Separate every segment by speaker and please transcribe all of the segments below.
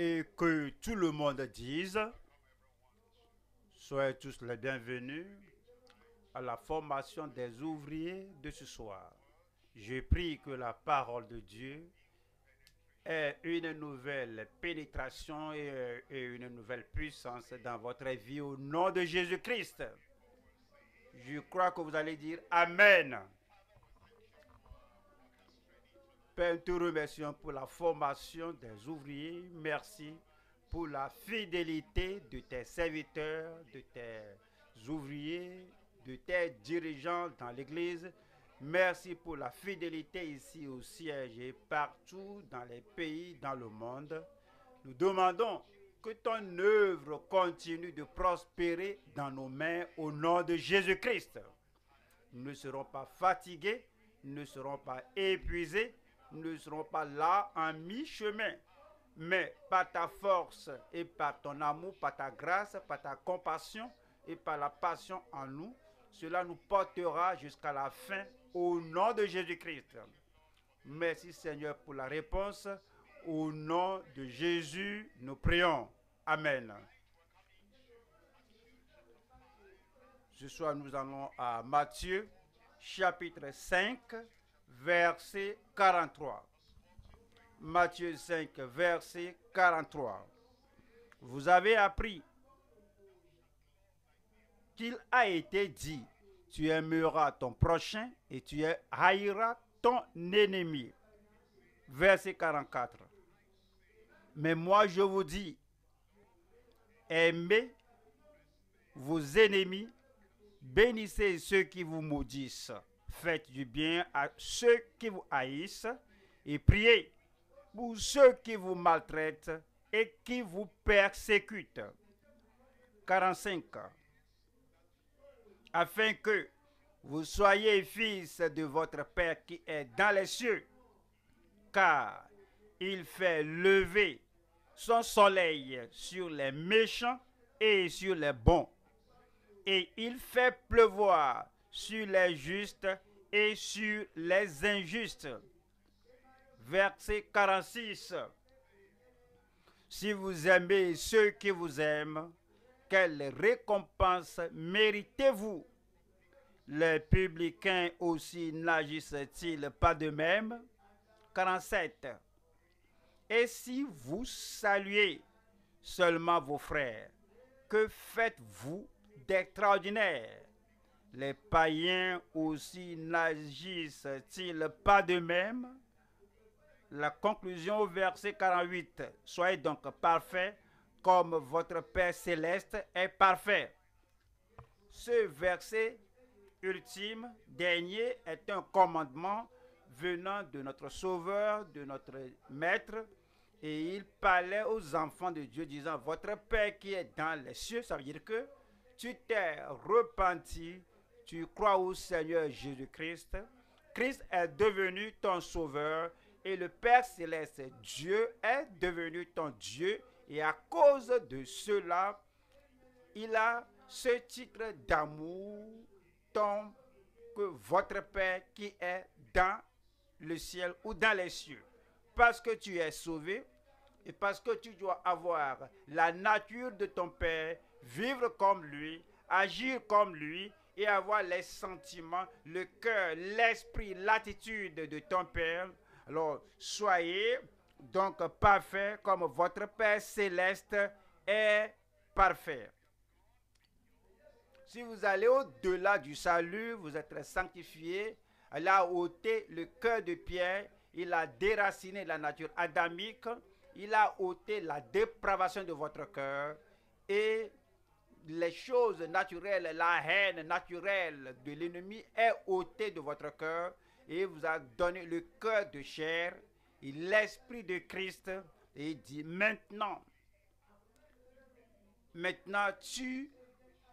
Speaker 1: et que tout le monde dise Soyez tous les bienvenus à la formation des ouvriers de ce soir. Je prie que la parole de Dieu ait une nouvelle pénétration et, et une nouvelle puissance dans votre vie au nom de Jésus-Christ. Je crois que vous allez dire Amen. Père, nous te remercions pour la formation des ouvriers. Merci pour la fidélité de tes serviteurs, de tes ouvriers, de tes dirigeants dans l'Église. Merci pour la fidélité ici au siège et partout dans les pays, dans le monde. Nous demandons que ton œuvre continue de prospérer dans nos mains au nom de Jésus-Christ. Nous ne serons pas fatigués, nous ne serons pas épuisés, ne serons pas là en mi-chemin. Mais par ta force et par ton amour, par ta grâce, par ta compassion et par la passion en nous, cela nous portera jusqu'à la fin au nom de Jésus-Christ. Merci Seigneur pour la réponse. Au nom de Jésus, nous prions. Amen. Ce soir, nous allons à Matthieu chapitre 5 verset 43. Matthieu 5, verset 43. Vous avez appris qu'il a été dit, tu aimeras ton prochain et tu haïras ton ennemi. Verset 44. Mais moi je vous dis, aimez vos ennemis, bénissez ceux qui vous maudissent Faites du bien à ceux qui vous haïssent et priez pour ceux qui vous maltraitent et qui vous persécutent. 45. Afin que vous soyez fils de votre Père qui est dans les cieux, car il fait lever son soleil sur les méchants et sur les bons, et il fait pleuvoir sur les justes et sur les injustes. Verset 46. Si vous aimez ceux qui vous aiment, quelle récompense méritez-vous Les publicains aussi n'agissent-ils pas de même 47. Et si vous saluez seulement vos frères, que faites-vous d'extraordinaire les païens aussi n'agissent-ils pas de même La conclusion au verset 48. Soyez donc parfaits comme votre Père céleste est parfait. Ce verset ultime, dernier, est un commandement venant de notre Sauveur, de notre Maître, et il parlait aux enfants de Dieu disant, votre Père qui est dans les cieux, ça veut dire que tu t'es repenti tu crois au Seigneur Jésus-Christ, Christ est devenu ton sauveur et le Père céleste, Dieu, est devenu ton Dieu. Et à cause de cela, il a ce titre d'amour, Tant que votre Père qui est dans le ciel ou dans les cieux. Parce que tu es sauvé et parce que tu dois avoir la nature de ton Père, vivre comme lui, agir comme lui, et avoir les sentiments, le cœur, l'esprit, l'attitude de ton Père. Alors, soyez donc parfaits comme votre Père céleste est parfait. Si vous allez au-delà du salut, vous êtes sanctifié. Il a ôté le cœur de Pierre, il a déraciné la nature adamique, il a ôté la dépravation de votre cœur et les choses naturelles, la haine naturelle de l'ennemi est ôtée de votre cœur et vous a donné le cœur de chair et l'esprit de Christ et dit maintenant, maintenant tu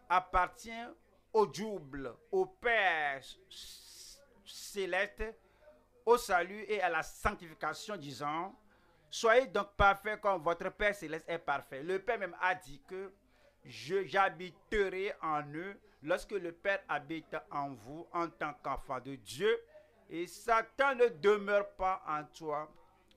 Speaker 1: appartiens au double, au Père céleste, au salut et à la sanctification, disant, soyez donc parfait comme votre Père céleste est parfait. Le Père même a dit que j'habiterai en eux lorsque le Père habite en vous en tant qu'enfant de Dieu. Et Satan ne demeure pas en toi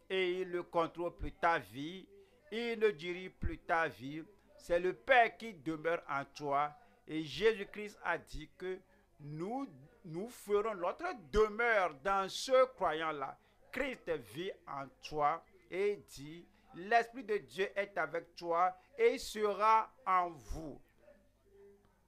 Speaker 1: et il ne contrôle plus ta vie, il ne dirige plus ta vie. C'est le Père qui demeure en toi. Et Jésus-Christ a dit que nous, nous ferons notre demeure dans ce croyant-là. Christ vit en toi et dit, l'Esprit de Dieu est avec toi et sera en vous.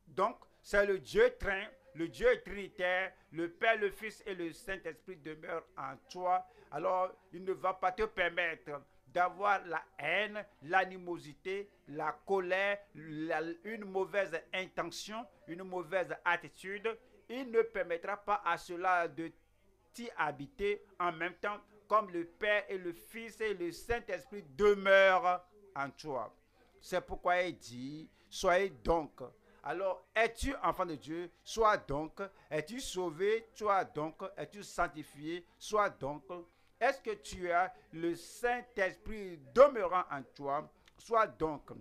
Speaker 1: Donc, c'est le Dieu train, le Dieu trinitaire, le Père, le Fils et le Saint-Esprit demeurent en toi. Alors, il ne va pas te permettre d'avoir la haine, l'animosité, la colère, une mauvaise intention, une mauvaise attitude. Il ne permettra pas à cela de t'y habiter. En même temps, comme le Père et le Fils et le Saint-Esprit demeurent en toi. C'est pourquoi il dit, soyez donc. Alors, es-tu enfant de Dieu? Sois donc. Es-tu sauvé? Sois donc. Es-tu sanctifié? Sois donc. Est-ce que tu as le Saint-Esprit demeurant en toi? Sois donc.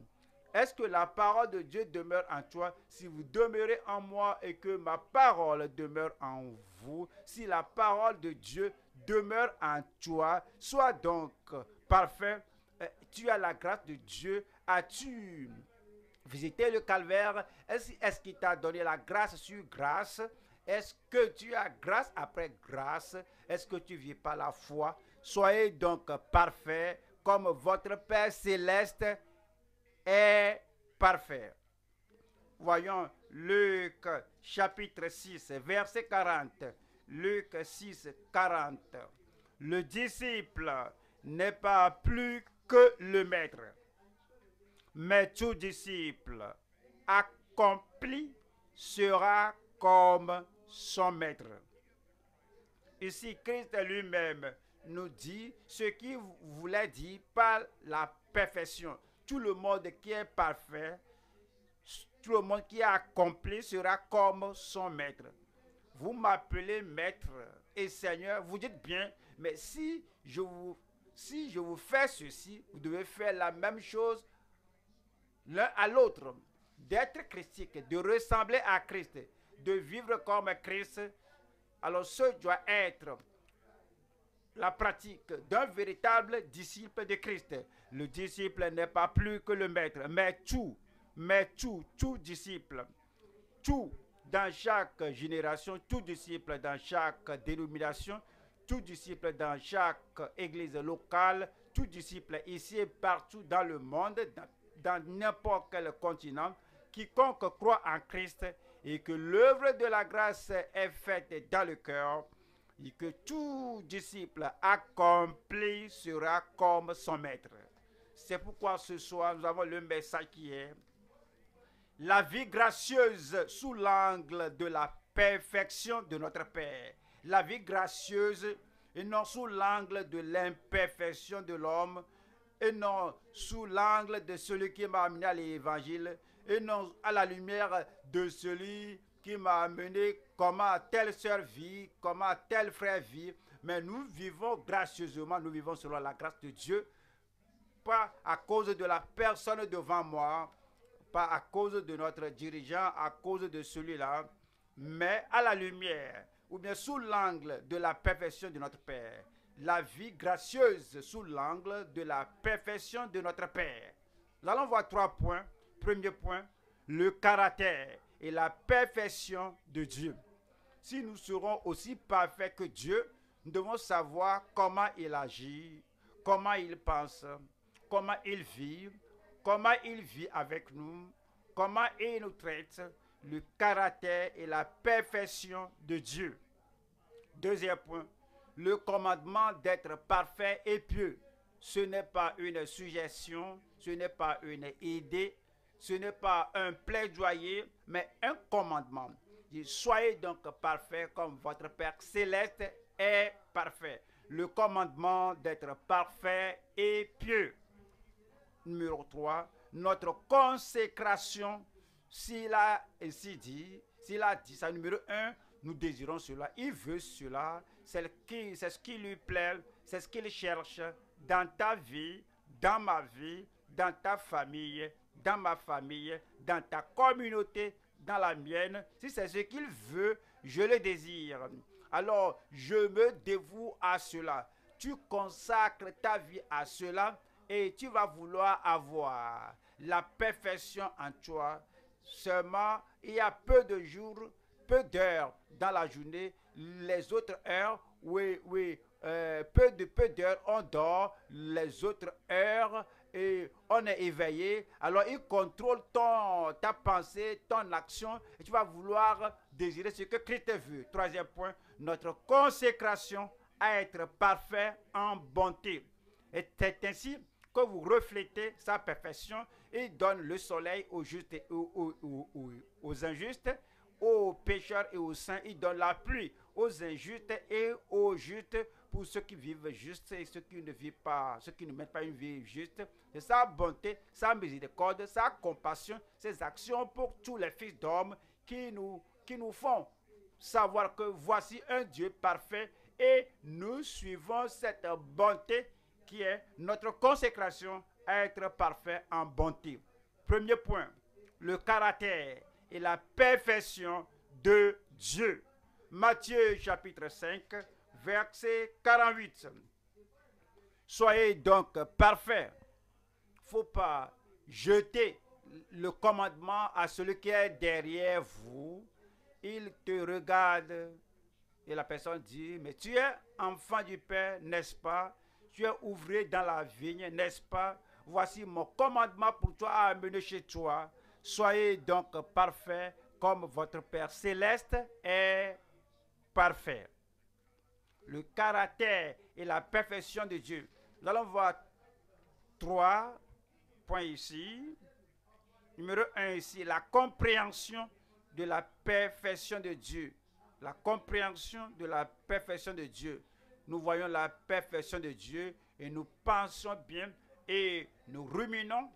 Speaker 1: Est-ce que la parole de Dieu demeure en toi si vous demeurez en moi et que ma parole demeure en vous? Si la parole de Dieu demeure en toi. Sois donc euh, parfait. Euh, tu as la grâce de Dieu. As-tu visité le calvaire? Est-ce qu'il t'a donné la grâce sur grâce? Est-ce que tu as grâce après grâce? Est-ce que tu vis par la foi? Soyez donc parfait comme votre Père céleste est parfait. Voyons Luc chapitre 6, verset 40. Luc 6, 40. Le disciple n'est pas plus que le maître, mais tout disciple accompli sera comme son maître. Ici, Christ lui-même nous dit ce qu'il voulait dire par la perfection. Tout le monde qui est parfait, tout le monde qui est accompli sera comme son maître vous m'appelez maître et seigneur, vous dites bien, mais si je vous, si je vous fais ceci, vous devez faire la même chose l'un à l'autre. D'être christique, de ressembler à Christ, de vivre comme Christ, alors ce doit être la pratique d'un véritable disciple de Christ. Le disciple n'est pas plus que le maître, mais tout, mais tout, tout disciple, tout dans chaque génération, tout disciple dans chaque dénomination, tout disciple dans chaque église locale, tout disciple ici et partout dans le monde, dans n'importe quel continent, quiconque croit en Christ et que l'œuvre de la grâce est faite dans le cœur, et que tout disciple accompli sera comme son maître. C'est pourquoi ce soir, nous avons le message qui est la vie gracieuse sous l'angle de la perfection de notre Père. La vie gracieuse et non sous l'angle de l'imperfection de l'homme et non sous l'angle de celui qui m'a amené à l'évangile et non à la lumière de celui qui m'a amené comment telle sœur comme comment tel frère vit. Mais nous vivons gracieusement, nous vivons selon la grâce de Dieu, pas à cause de la personne devant moi, pas à cause de notre dirigeant, à cause de celui-là, mais à la lumière, ou bien sous l'angle de la perfection de notre Père. La vie gracieuse sous l'angle de la perfection de notre Père. Là, allons voir trois points. Premier point, le caractère et la perfection de Dieu. Si nous serons aussi parfaits que Dieu, nous devons savoir comment il agit, comment il pense, comment il vit, comment il vit avec nous, comment il nous traite, le caractère et la perfection de Dieu. Deuxième point, le commandement d'être parfait et pieux. Ce n'est pas une suggestion, ce n'est pas une idée, ce n'est pas un plaidoyer, mais un commandement. Soyez donc parfait comme votre Père céleste est parfait. Le commandement d'être parfait et pieux numéro 3, notre consécration, s'il a ainsi dit, s'il a dit ça, numéro 1, nous désirons cela, il veut cela, c'est ce qui lui plaît, c'est ce qu'il cherche dans ta vie, dans ma vie, dans ta famille, dans ma famille, dans ta communauté, dans la mienne. Si c'est ce qu'il veut, je le désire. Alors, je me dévoue à cela. Tu consacres ta vie à cela et tu vas vouloir avoir la perfection en toi. Seulement, il y a peu de jours, peu d'heures dans la journée. Les autres heures, oui, oui, euh, peu de peu d'heures, on dort. Les autres heures, et on est éveillé. Alors, il contrôle ton, ta pensée, ton action, et tu vas vouloir désirer ce que Christ a vu. Troisième point, notre consécration à être parfait en bonté. Et c'est ainsi vous reflétez sa perfection. Il donne le soleil aux justes et aux, injustes, aux pécheurs et aux saints. Il donne la pluie aux injustes et aux justes pour ceux qui vivent juste et ceux qui ne vivent pas, ceux qui ne mettent pas une vie juste. C'est sa bonté, sa miséricorde, sa compassion, ses actions pour tous les fils d'hommes qui nous, qui nous font savoir que voici un Dieu parfait et nous suivons cette bonté qui est notre consécration à être parfait en bonté. Premier point, le caractère et la perfection de Dieu. Matthieu chapitre 5, verset 48. Soyez donc parfaits. Faut pas jeter le commandement à celui qui est derrière vous. Il te regarde et la personne dit, mais tu es enfant du Père, n'est-ce pas tu es ouvré dans la vigne, n'est-ce pas Voici mon commandement pour toi à amener chez toi. Soyez donc parfait comme votre Père céleste est parfait. Le caractère et la perfection de Dieu. Nous allons voir trois points ici. Numéro un ici, la compréhension de la perfection de Dieu. La compréhension de la perfection de Dieu nous voyons la perfection de Dieu et nous pensons bien et nous ruminons,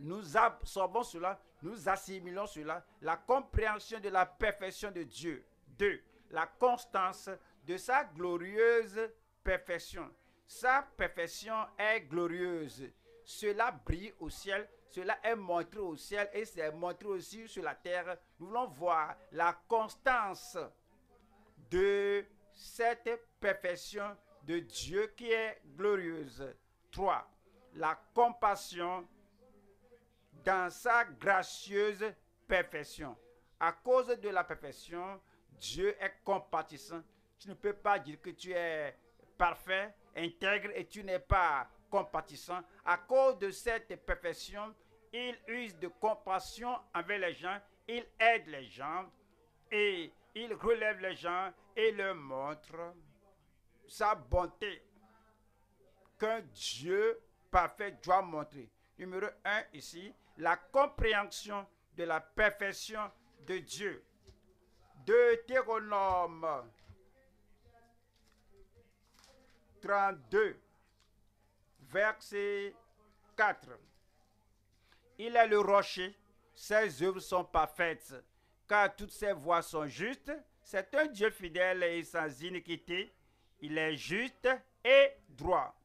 Speaker 1: nous absorbons cela, nous assimilons cela, la compréhension de la perfection de Dieu. Deux, la constance de sa glorieuse perfection. Sa perfection est glorieuse. Cela brille au ciel, cela est montré au ciel et c'est montré aussi sur la terre. Nous voulons voir la constance de cette perfection de Dieu qui est glorieuse. Trois, La compassion dans sa gracieuse perfection. À cause de la perfection, Dieu est compatissant. Tu ne peux pas dire que tu es parfait, intègre et tu n'es pas compatissant. À cause de cette perfection, il use de compassion avec les gens, il aide les gens et il relève les gens, et le montre sa bonté qu'un Dieu parfait doit montrer. Numéro 1 ici, la compréhension de la perfection de Dieu. Deutéronome 32, verset 4. Il est le rocher, ses œuvres sont parfaites, car toutes ses voies sont justes, c'est un Dieu fidèle et sans iniquité. Il est juste et droit.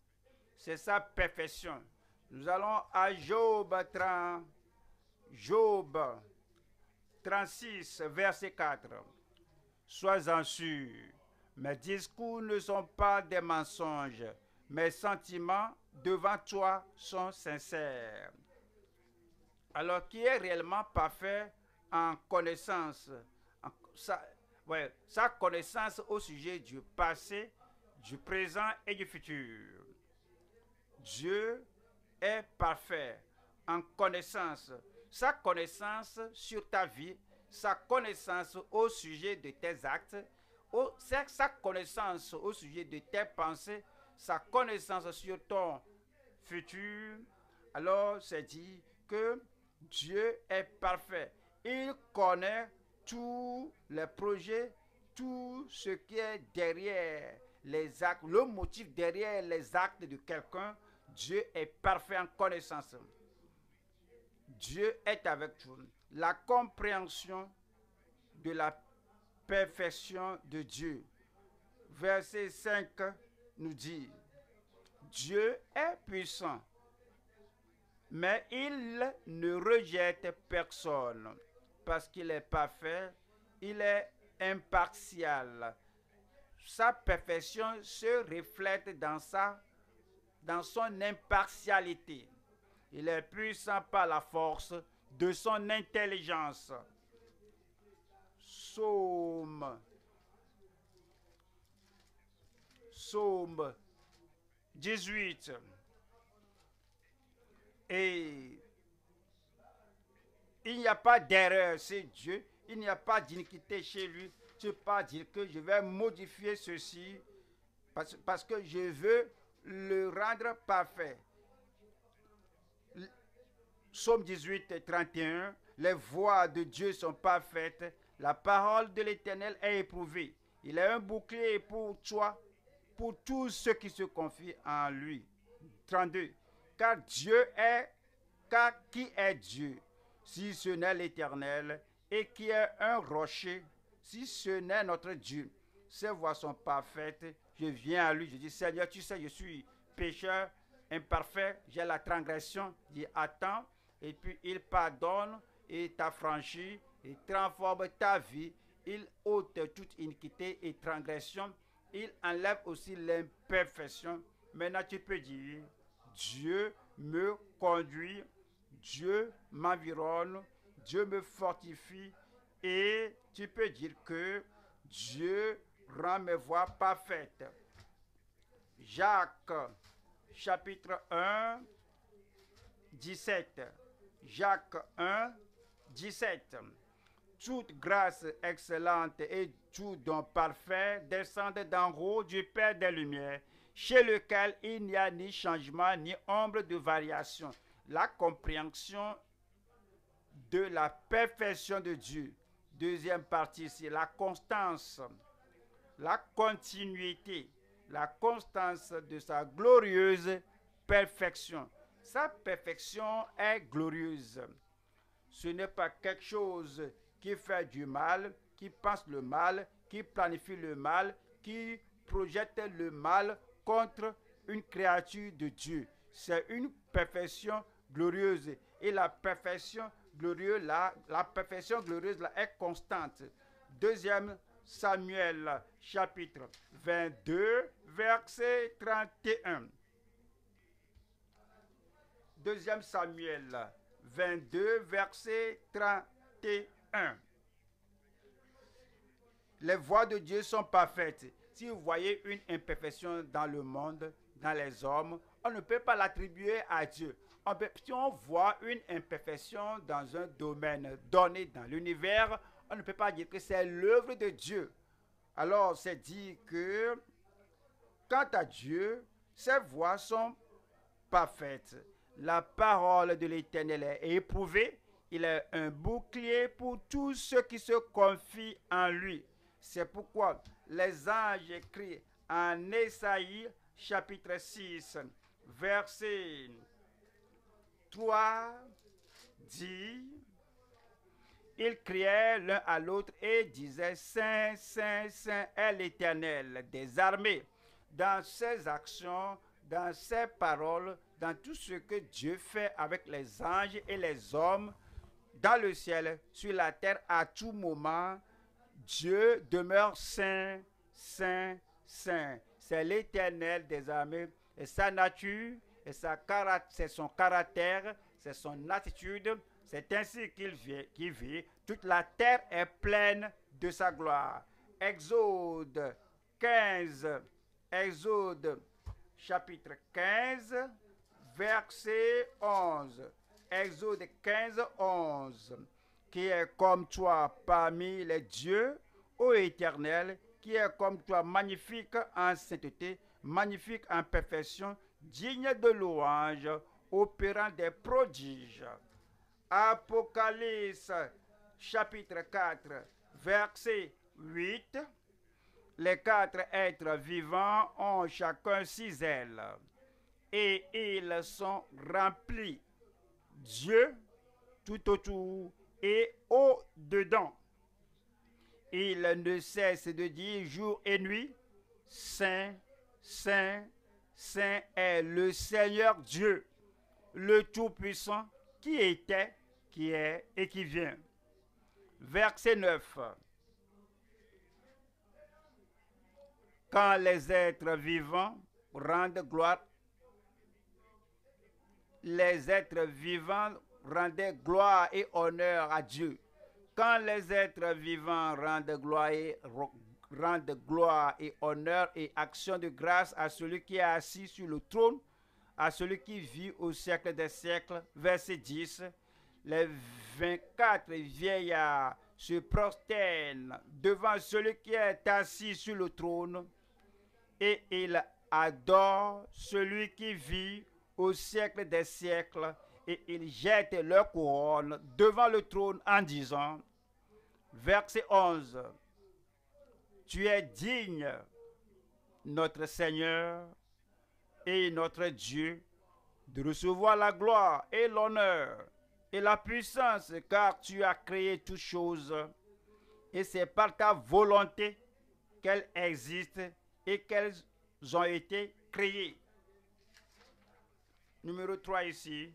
Speaker 1: C'est sa perfection. Nous allons à Job 30, Job 36, verset 4. Sois-en sûr, mes discours ne sont pas des mensonges, mes sentiments devant toi sont sincères. Alors, qui est réellement parfait en connaissance, sa connaissance au sujet du passé, du présent et du futur. Dieu est parfait en connaissance, sa connaissance sur ta vie, sa connaissance au sujet de tes actes, sa connaissance au sujet de tes pensées, sa connaissance sur ton futur. Alors, c'est dit que Dieu est parfait. Il connaît tous les projets, tout ce qui est derrière les actes, le motif derrière les actes de quelqu'un, Dieu est parfait en connaissance. Dieu est avec vous. La compréhension de la perfection de Dieu. Verset 5 nous dit, Dieu est puissant, mais il ne rejette personne parce qu'il est parfait, il est impartial. Sa perfection se reflète dans, sa, dans son impartialité. Il est puissant par la force de son intelligence. somme Psaume 18. Et il n'y a pas d'erreur c'est Dieu. Il n'y a pas d'iniquité chez lui. Tu peux pas dire que je vais modifier ceci parce, que je veux le rendre parfait. Psaume 18 31, les voies de Dieu sont parfaites, la parole de l'Éternel est éprouvée. Il est un bouclier pour toi, pour tous ceux qui se confient en lui. 32. Car Dieu est, car qui est Dieu si ce n'est l'Éternel, et qui est un rocher, si ce n'est notre Dieu. Ses voies sont parfaites. Je viens à lui, je dis, Seigneur, tu sais, je suis pécheur, imparfait, j'ai la transgression. Il attends, et puis il pardonne, et t'affranchit, et transforme ta vie, il ôte toute iniquité et transgression, il enlève aussi l'imperfection. Maintenant, tu peux dire, Dieu me conduit Dieu m'environne, Dieu me fortifie et tu peux dire que Dieu rend mes voies parfaites. Jacques chapitre 1, 17. Jacques 1, 17. Toute grâce excellente et tout don parfait descendent d'en haut du Père des Lumières, chez lequel il n'y a ni changement ni ombre de variation la compréhension de la perfection de Dieu. Deuxième partie, c'est la constance, la continuité, la constance de sa glorieuse perfection. Sa perfection est glorieuse. Ce n'est pas quelque chose qui fait du mal, qui pense le mal, qui planifie le mal, qui projette le mal contre une créature de Dieu. C'est une perfection glorieuse. Et la perfection glorieuse, là, la perfection glorieuse là, est constante. Deuxième Samuel, chapitre 22, verset 31. Deuxième Samuel 22, verset 31. Les voies de Dieu sont parfaites. Si vous voyez une imperfection dans le monde, dans les hommes, on ne peut pas l'attribuer à Dieu on ah ben, si on voit une imperfection dans un domaine donné dans l'univers, on ne peut pas dire que c'est l'œuvre de Dieu. Alors, c'est dit que, quant à Dieu, ses voix sont parfaites. La parole de l'Éternel est éprouvée. Il est un bouclier pour tous ceux qui se confient en lui. C'est pourquoi les anges écrits en Esaïe chapitre 6, verset « Toi, dit, ils criaient l'un à l'autre et disaient, Saint, Saint, Saint est l'Éternel des armées. Dans ses actions, dans ses paroles, dans tout ce que Dieu fait avec les anges et les hommes, dans le ciel, sur la terre, à tout moment, Dieu demeure saint, saint, saint. C'est l'Éternel des armées et sa nature c'est son caractère, c'est son attitude. C'est ainsi qu'il vit, vit. Toute la terre est pleine de sa gloire. Exode 15, Exode chapitre 15, verset 11. Exode 15, 11. Qui est comme toi parmi les dieux, ô éternel, qui est comme toi magnifique en sainteté, magnifique en perfection, digne de louange, opérant des prodiges. Apocalypse chapitre 4, verset 8. Les quatre êtres vivants ont chacun six ailes et ils sont remplis. Dieu tout autour et au-dedans. Il ne cesse de dire jour et nuit, Saint, Saint, Saint est le Seigneur Dieu, le Tout-Puissant, qui était, qui est et qui vient. Verset 9. Quand les êtres vivants rendent gloire, les êtres vivants rendaient gloire et honneur à Dieu. Quand les êtres vivants rendent gloire et Grande gloire et honneur et action de grâce à celui qui est assis sur le trône, à celui qui vit au siècle des siècles. Verset 10. Les 24 vieillards se prosternent devant celui qui est assis sur le trône et ils adorent celui qui vit au siècle des siècles et ils jettent leur couronne devant le trône en disant, verset 11, tu es digne, notre Seigneur et notre Dieu, de recevoir la gloire et l'honneur et la puissance, car tu as créé toutes choses, et c'est par ta volonté qu'elles existent et qu'elles ont été créées. Numéro 3 ici,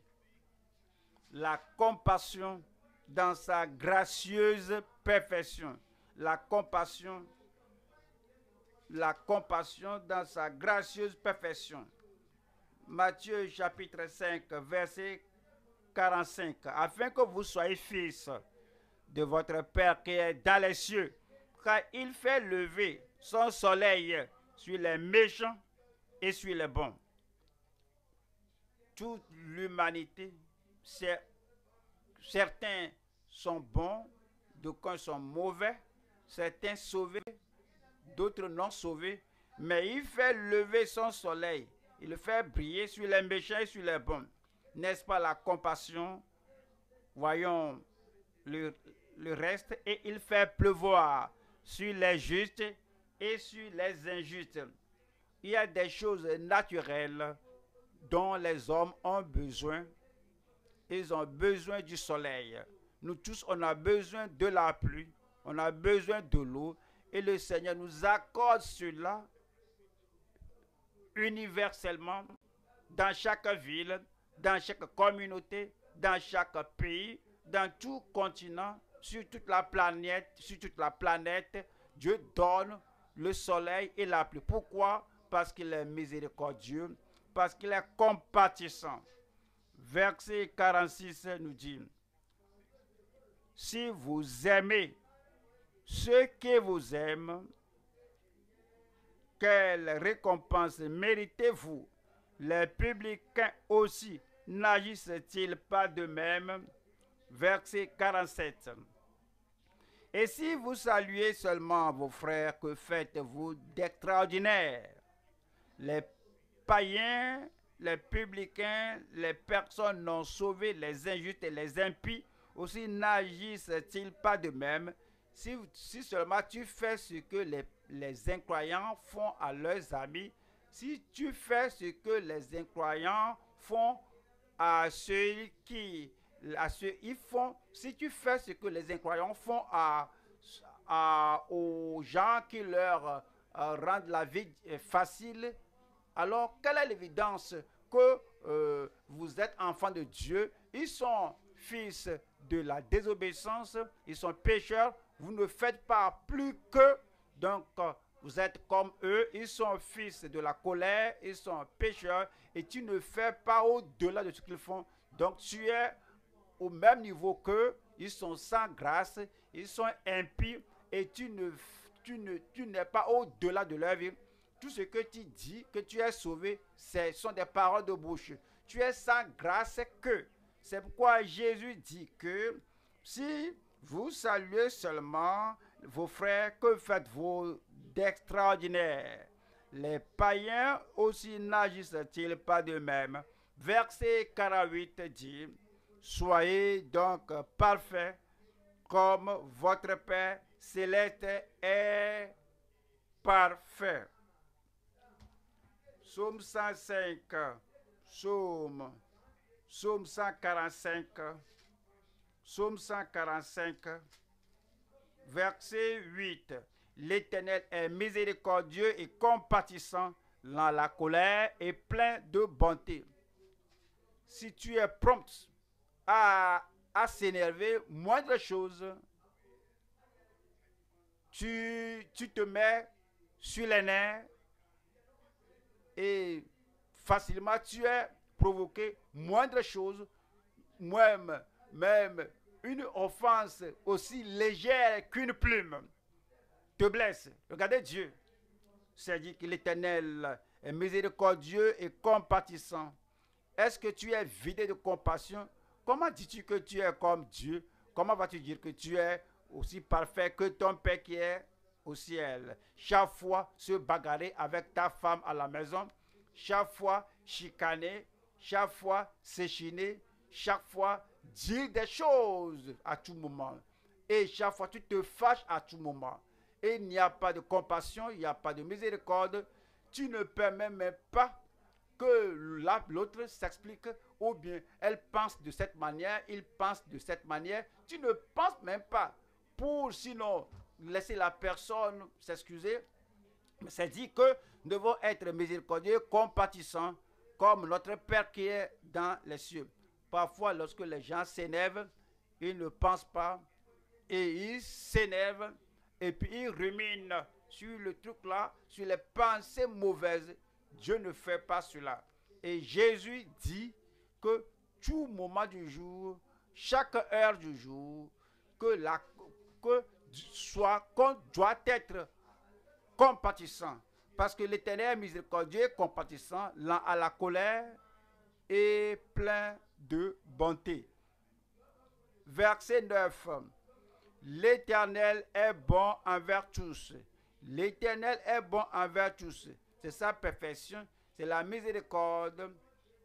Speaker 1: la compassion dans sa gracieuse perfection. La compassion la compassion dans sa gracieuse perfection. Matthieu chapitre 5, verset 45. Afin que vous soyez fils de votre Père qui est dans les cieux, car il fait lever son soleil sur les méchants et sur les bons. Toute l'humanité, certains sont bons, d'aucuns sont mauvais, certains sauvés, d'autres non sauvés, mais il fait lever son soleil, il fait briller sur les méchants et sur les bons. N'est-ce pas la compassion Voyons le, le reste, et il fait pleuvoir sur les justes et sur les injustes. Il y a des choses naturelles dont les hommes ont besoin. Ils ont besoin du soleil. Nous tous, on a besoin de la pluie, on a besoin de l'eau, et le Seigneur nous accorde cela universellement dans chaque ville, dans chaque communauté, dans chaque pays, dans tout continent, sur toute la planète, sur toute la planète, Dieu donne le soleil et la pluie. Pourquoi Parce qu'il est miséricordieux, parce qu'il est compatissant. Verset 46 nous dit, si vous aimez ceux qui vous aiment, quelle récompense méritez-vous Les publicains aussi n'agissent-ils pas de même Verset 47. Et si vous saluez seulement vos frères, que faites-vous d'extraordinaire Les païens, les publicains, les personnes non sauvées, les injustes et les impies aussi n'agissent-ils pas de même si, seulement tu fais ce que les, les incroyants font à leurs amis, si tu fais ce que les incroyants font à ceux qui à ceux ils font, si tu fais ce que les incroyants font à, à aux gens qui leur euh, rendent la vie euh, facile, alors quelle est l'évidence que euh, vous êtes enfants de Dieu Ils sont fils de la désobéissance, ils sont pécheurs, vous ne faites pas plus que, donc vous êtes comme eux, ils sont fils de la colère, ils sont pécheurs, et tu ne fais pas au-delà de ce qu'ils font. Donc tu es au même niveau qu'eux, ils sont sans grâce, ils sont impies, et tu ne tu n'es pas au-delà de leur vie. Tout ce que tu dis que tu es sauvé, ce sont des paroles de bouche. Tu es sans grâce que. C'est pourquoi Jésus dit que si vous saluez seulement vos frères, que faites-vous d'extraordinaire Les païens aussi n'agissent-ils pas d'eux-mêmes Verset 48 dit, Soyez donc parfaits comme votre Père céleste est parfait. Somme 105, Somme 145. Psaume 145, verset 8. L'Éternel est miséricordieux et compatissant dans la colère et plein de bonté. Si tu es prompt à, s'énerver, moindre chose, tu, tu te mets sur les nerfs et facilement tu es provoqué moindre chose, même même une offense aussi légère qu'une plume te blesse. Regardez Dieu. cest dit que l'Éternel est miséricordieux et compatissant. Est-ce que tu es vidé de compassion Comment dis-tu que tu es comme Dieu Comment vas-tu dire que tu es aussi parfait que ton Père qui est au ciel Chaque fois se bagarrer avec ta femme à la maison, chaque fois chicaner, chaque fois s'échiner, chaque fois dire des choses à tout moment. Et chaque fois, tu te fâches à tout moment. Et il n'y a pas de compassion, il n'y a pas de miséricorde. Tu ne permets même pas que l'autre s'explique ou bien elle pense de cette manière, il pense de cette manière. Tu ne penses même pas pour sinon laisser la personne s'excuser. C'est dit que nous devons être miséricordieux, compatissants, comme notre Père qui est dans les cieux. Parfois, lorsque les gens s'énervent, ils ne pensent pas et ils s'énervent et puis ils ruminent sur le truc-là, sur les pensées mauvaises. Dieu ne fait pas cela. Et Jésus dit que tout moment du jour, chaque heure du jour, que, la, que soit, qu'on doit être compatissant. Parce que l'éternel miséricordieux est compatissant, lent à la colère et plein de bonté. Verset 9. L'Éternel est bon envers tous. L'Éternel est bon envers tous. C'est sa perfection, c'est la miséricorde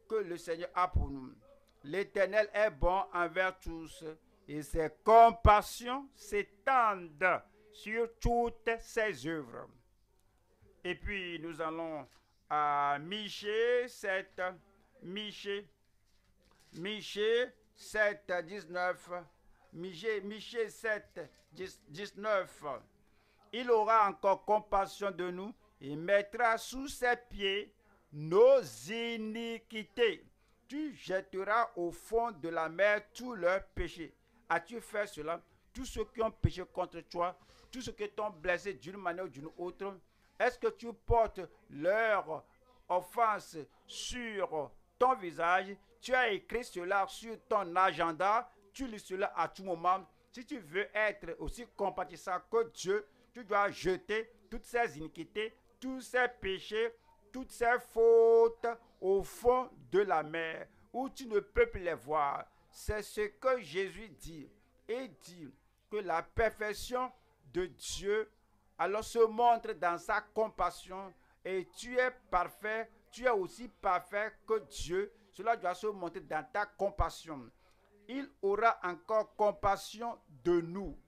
Speaker 1: que le Seigneur a pour nous. L'Éternel est bon envers tous et ses compassions s'étendent sur toutes ses œuvres. Et puis nous allons à Miché 7. Miché. Miché 7, 19. Miché 7, 19. Il aura encore compassion de nous et mettra sous ses pieds nos iniquités. Tu jetteras au fond de la mer tous leurs péchés. As-tu fait cela Tous ceux qui ont péché contre toi, tous ceux qui t'ont blessé d'une manière ou d'une autre, est-ce que tu portes leur offense sur ton visage tu as écrit cela sur ton agenda, tu lis cela à tout moment. Si tu veux être aussi compatissant que Dieu, tu dois jeter toutes ces iniquités, tous ces péchés, toutes ces fautes au fond de la mer où tu ne peux plus les voir. C'est ce que Jésus dit. et dit que la perfection de Dieu alors se montre dans sa compassion et tu es parfait, tu es aussi parfait que Dieu cela doit se montrer dans ta compassion. Il aura encore compassion de nous.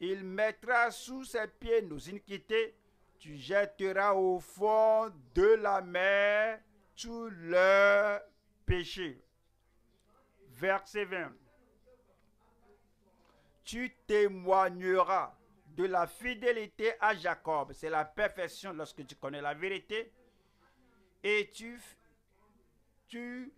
Speaker 1: Il mettra sous ses pieds nos iniquités. Tu jetteras au fond de la mer tous leurs péchés. Verset 20. Tu témoigneras de la fidélité à Jacob. C'est la perfection lorsque tu connais la vérité. Et tu tu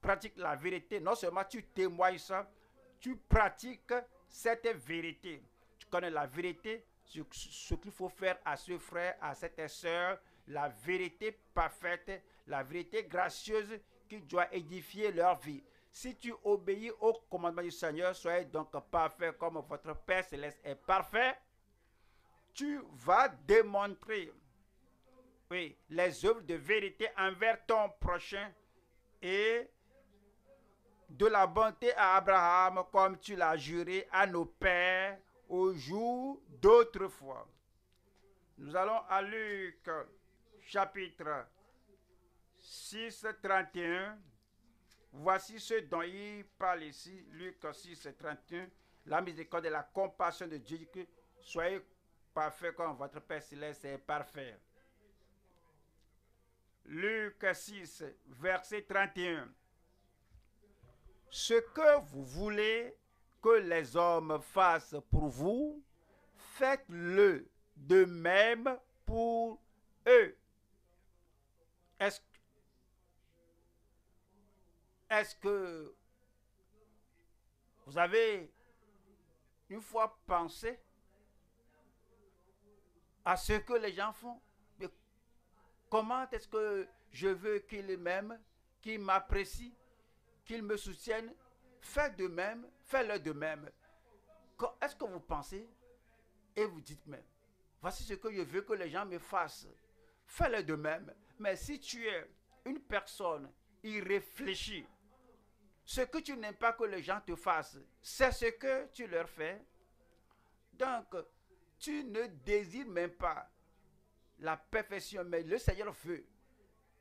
Speaker 1: pratiques la vérité, non seulement tu témoignes ça, tu pratiques cette vérité. Tu connais la vérité, ce qu'il faut faire à ce frère, à cette sœur, la vérité parfaite, la vérité gracieuse qui doit édifier leur vie. Si tu obéis au commandement du Seigneur, soyez donc parfait comme votre Père céleste est parfait. Tu vas démontrer les œuvres de vérité envers ton prochain, et de la bonté à Abraham comme tu l'as juré à nos pères au jour d'autrefois. Nous allons à Luc chapitre 6, 31. Voici ce dont il parle ici, Luc 6, 31. La miséricorde et la compassion de Dieu, que soyez parfaits comme votre Père céleste est parfait. Luc 6, verset 31. Ce que vous voulez que les hommes fassent pour vous, faites-le de même pour eux. Est-ce que vous avez une fois pensé à ce que les gens font Comment est-ce que je veux qu'ils m'aiment, qu'ils m'apprécient, qu'ils me soutiennent Faites de même, fais le de même. Est-ce que vous pensez et vous dites même, voici ce que je veux que les gens me fassent. Fais-le de même. Mais si tu es une personne irréfléchie, ce que tu n'aimes pas que les gens te fassent, c'est ce que tu leur fais. Donc, tu ne désires même pas la perfection, mais le Seigneur veut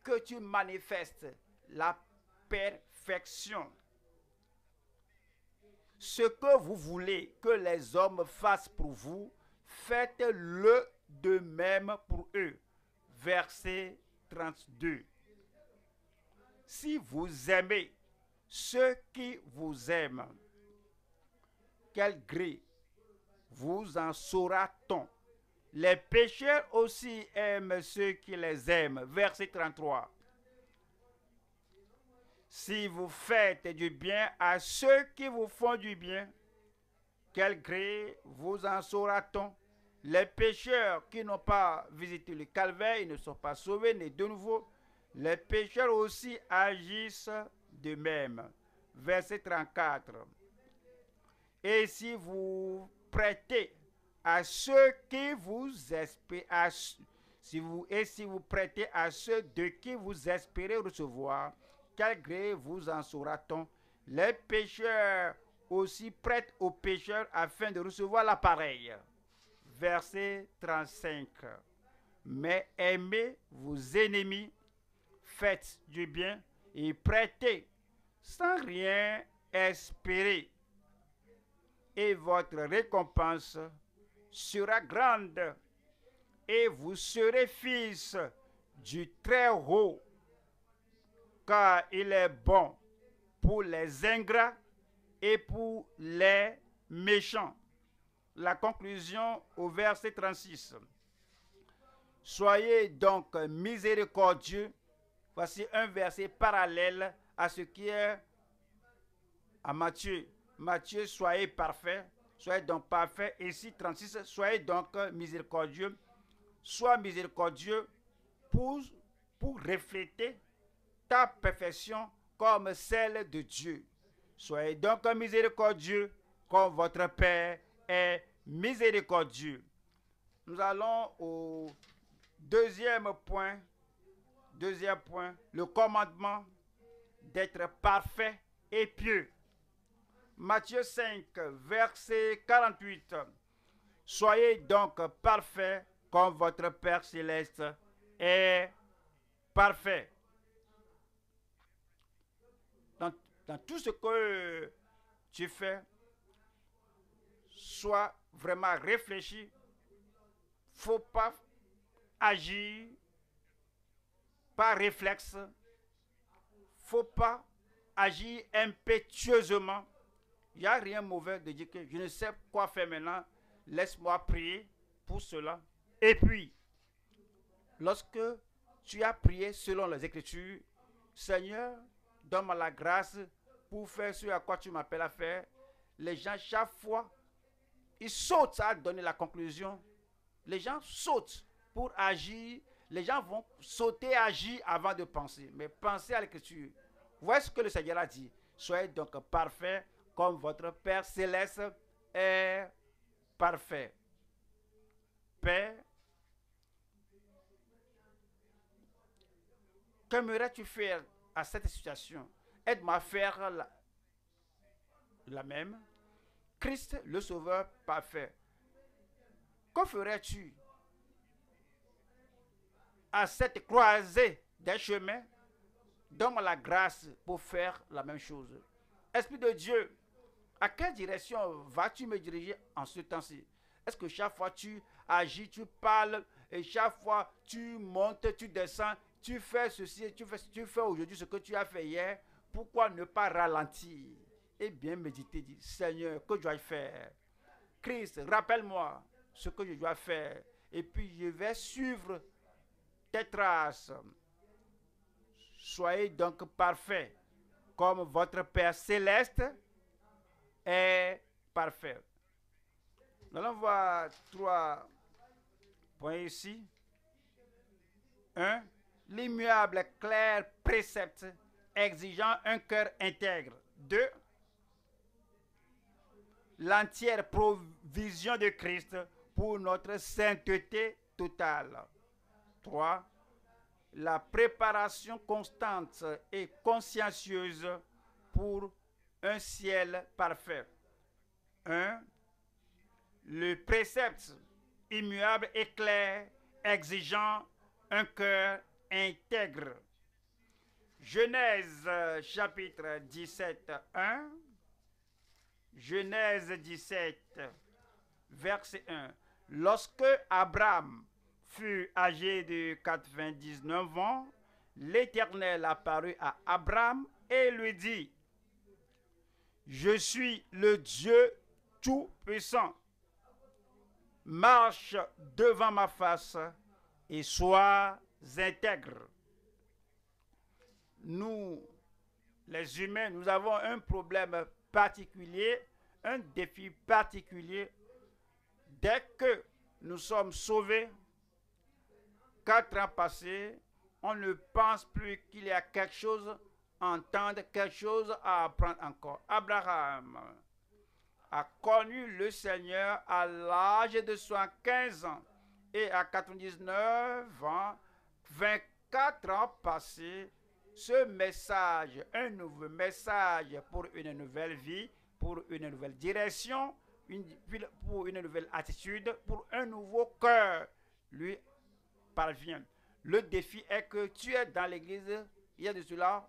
Speaker 1: que tu manifestes la perfection. Ce que vous voulez que les hommes fassent pour vous, faites-le de même pour eux. Verset 32. Si vous aimez ceux qui vous aiment, quel gré vous en saura-t-on les pécheurs aussi aiment ceux qui les aiment. Verset 33. Si vous faites du bien à ceux qui vous font du bien, quel gré vous en saura-t-on Les pécheurs qui n'ont pas visité le calvaire, ils ne sont pas sauvés, mais de nouveau. Les pécheurs aussi agissent de même. Verset 34. Et si vous prêtez à ceux qui vous si vous, et si vous prêtez à ceux de qui vous espérez recevoir, quel gré vous en saura-t-on Les pécheurs aussi prêtent aux pécheurs afin de recevoir l'appareil. Verset 35. Mais aimez vos ennemis, faites du bien et prêtez sans rien espérer. Et votre récompense sera grande et vous serez fils du Très-Haut, car il est bon pour les ingrats et pour les méchants. La conclusion au verset 36. Soyez donc miséricordieux. Voici un verset parallèle à ce qui est à Matthieu. Matthieu, soyez parfait soyez donc parfait. Ici, 36, soyez donc miséricordieux. Sois miséricordieux pour, pour refléter ta perfection comme celle de Dieu. Soyez donc miséricordieux comme votre Père est miséricordieux. Nous allons au deuxième point. Deuxième point, le commandement d'être parfait et pieux. Matthieu 5, verset 48. Soyez donc parfaits comme votre Père céleste est parfait. Dans, tout ce que tu fais, sois vraiment réfléchi. Faut pas agir par réflexe. Faut pas agir impétueusement il n'y a rien de mauvais de dire que je ne sais quoi faire maintenant. Laisse-moi prier pour cela. Et puis, lorsque tu as prié selon les Écritures, Seigneur, donne-moi la grâce pour faire ce à quoi tu m'appelles à faire. Les gens, chaque fois, ils sautent à donner la conclusion. Les gens sautent pour agir. Les gens vont sauter, agir avant de penser. Mais pensez à l'écriture. Voici ce que le Seigneur a dit. Soyez donc parfaits comme votre Père céleste est parfait. Père, qu'aimerais-tu faire à cette situation Aide-moi à faire la, même. Christ, le Sauveur parfait. Que ferais-tu à cette croisée des chemins Donne-moi la grâce pour faire la même chose. Esprit de Dieu, à quelle direction vas-tu me diriger en ce temps-ci Est-ce que chaque fois tu agis, tu parles, et chaque fois tu montes, tu descends, tu fais ceci, tu fais, tu aujourd'hui ce que tu as fait hier Pourquoi ne pas ralentir et bien méditer, Seigneur, que dois-je faire Christ, rappelle-moi ce que je dois faire. Et puis je vais suivre tes traces. Soyez donc parfait, comme votre Père céleste est parfait. Nous allons voir trois points ici. Un, l'immuable, clair, précepte, exigeant un cœur intègre. Deux, l'entière provision de Christ pour notre sainteté totale. Trois, la préparation constante et consciencieuse pour un ciel parfait. 1. Le précepte immuable et clair, exigeant un cœur intègre. Genèse euh, chapitre 17, 1. Genèse 17, verset 1. Lorsque Abraham fut âgé de 99 ans, l'Éternel apparut à Abraham et lui dit, je suis le Dieu Tout-Puissant. Marche devant ma face et sois intègre. Nous, les humains, nous avons un problème particulier, un défi particulier. Dès que nous sommes sauvés, quatre ans passés, on ne pense plus qu'il y a quelque chose entendre quelque chose à apprendre encore. Abraham a connu le Seigneur à l'âge de 75 ans et à 99 ans, 24 ans passés, ce message, un nouveau message pour une nouvelle vie, pour une nouvelle direction, pour une nouvelle attitude, pour un nouveau cœur, lui parvient. Le défi est que tu es dans l'église, il y a de cela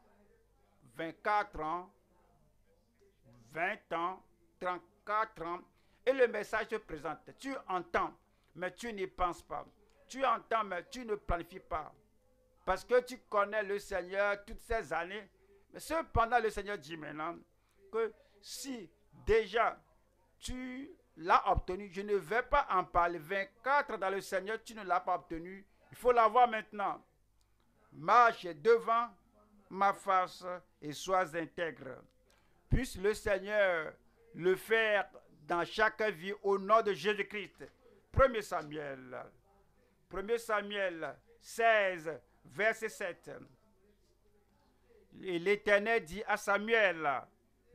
Speaker 1: 24 ans, 20 ans, 34 ans, et le message se présente. Tu entends, mais tu n'y penses pas. Tu entends, mais tu ne planifies pas. Parce que tu connais le Seigneur toutes ces années. Mais cependant, le Seigneur dit maintenant que si déjà tu l'as obtenu, je ne vais pas en parler. 24 dans le Seigneur, tu ne l'as pas obtenu. Il faut l'avoir maintenant. Marche devant ma face et sois intègre. Puisse le Seigneur le faire dans chaque vie au nom de Jésus-Christ. 1 Samuel, 1 Samuel 16, verset 7. Et l'Éternel dit à Samuel,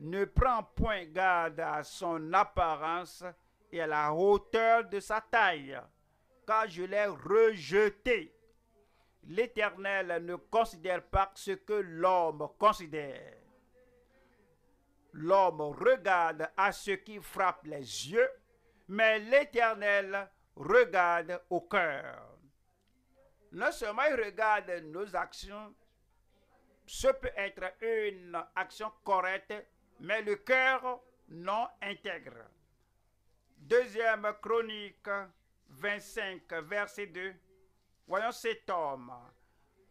Speaker 1: ne prends point garde à son apparence et à la hauteur de sa taille, car je l'ai rejeté. L'Éternel ne considère pas ce que l'homme considère. L'homme regarde à ce qui frappe les yeux, mais l'Éternel regarde au cœur. Non seulement il regarde nos actions, ce peut être une action correcte, mais le cœur non intègre. Deuxième chronique 25, verset 2. Voyons cet homme.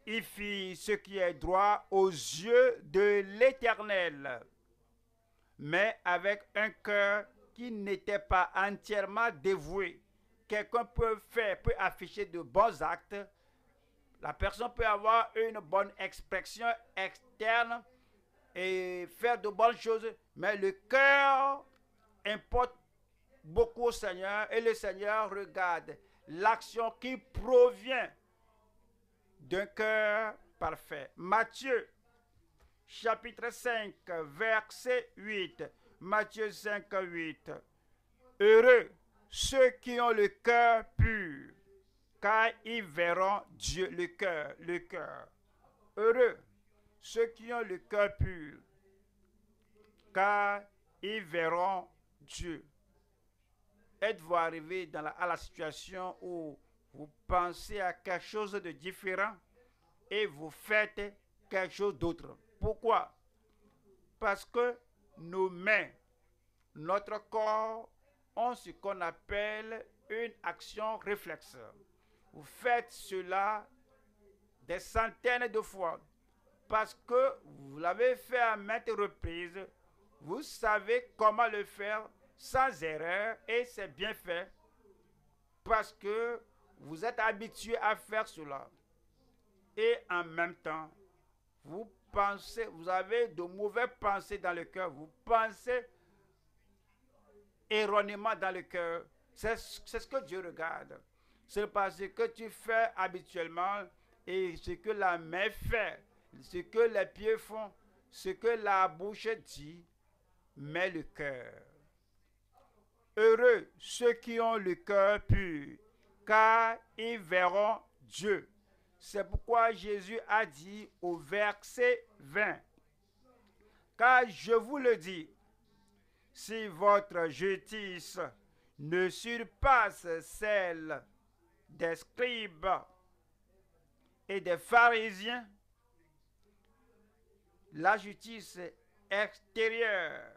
Speaker 1: Il fit ce qui est droit aux yeux de l'Éternel, mais avec un cœur qui n'était pas entièrement dévoué. Quelqu'un peut faire, peut afficher de bons actes. La personne peut avoir une bonne expression externe et faire de bonnes choses, mais le cœur importe beaucoup au Seigneur et le Seigneur regarde l'action qui provient d'un cœur parfait. Matthieu chapitre 5, verset 8. Matthieu 5, 8. Heureux ceux qui ont le cœur pur, car ils verront Dieu, le cœur, le cœur. Heureux ceux qui ont le cœur pur, car ils verront Dieu. Êtes-vous arrivé dans la, à la situation où vous pensez à quelque chose de différent et vous faites quelque chose d'autre Pourquoi Parce que nos mains, notre corps ont ce qu'on appelle une action réflexe. Vous faites cela des centaines de fois parce que vous l'avez fait à maintes reprises. Vous savez comment le faire sans erreur et c'est bien fait parce que vous êtes habitué à faire cela. Et en même temps, vous pensez, vous avez de mauvaises pensées dans le cœur, vous pensez erronément dans le cœur. C'est ce que Dieu regarde. C'est parce que tu fais habituellement et ce que la main fait, ce que les pieds font, ce que la bouche dit, mais le cœur. Heureux ceux qui ont le cœur pur, car ils verront Dieu. C'est pourquoi Jésus a dit au verset 20, Car je vous le dis, si votre justice ne surpasse celle des scribes et des pharisiens, la justice extérieure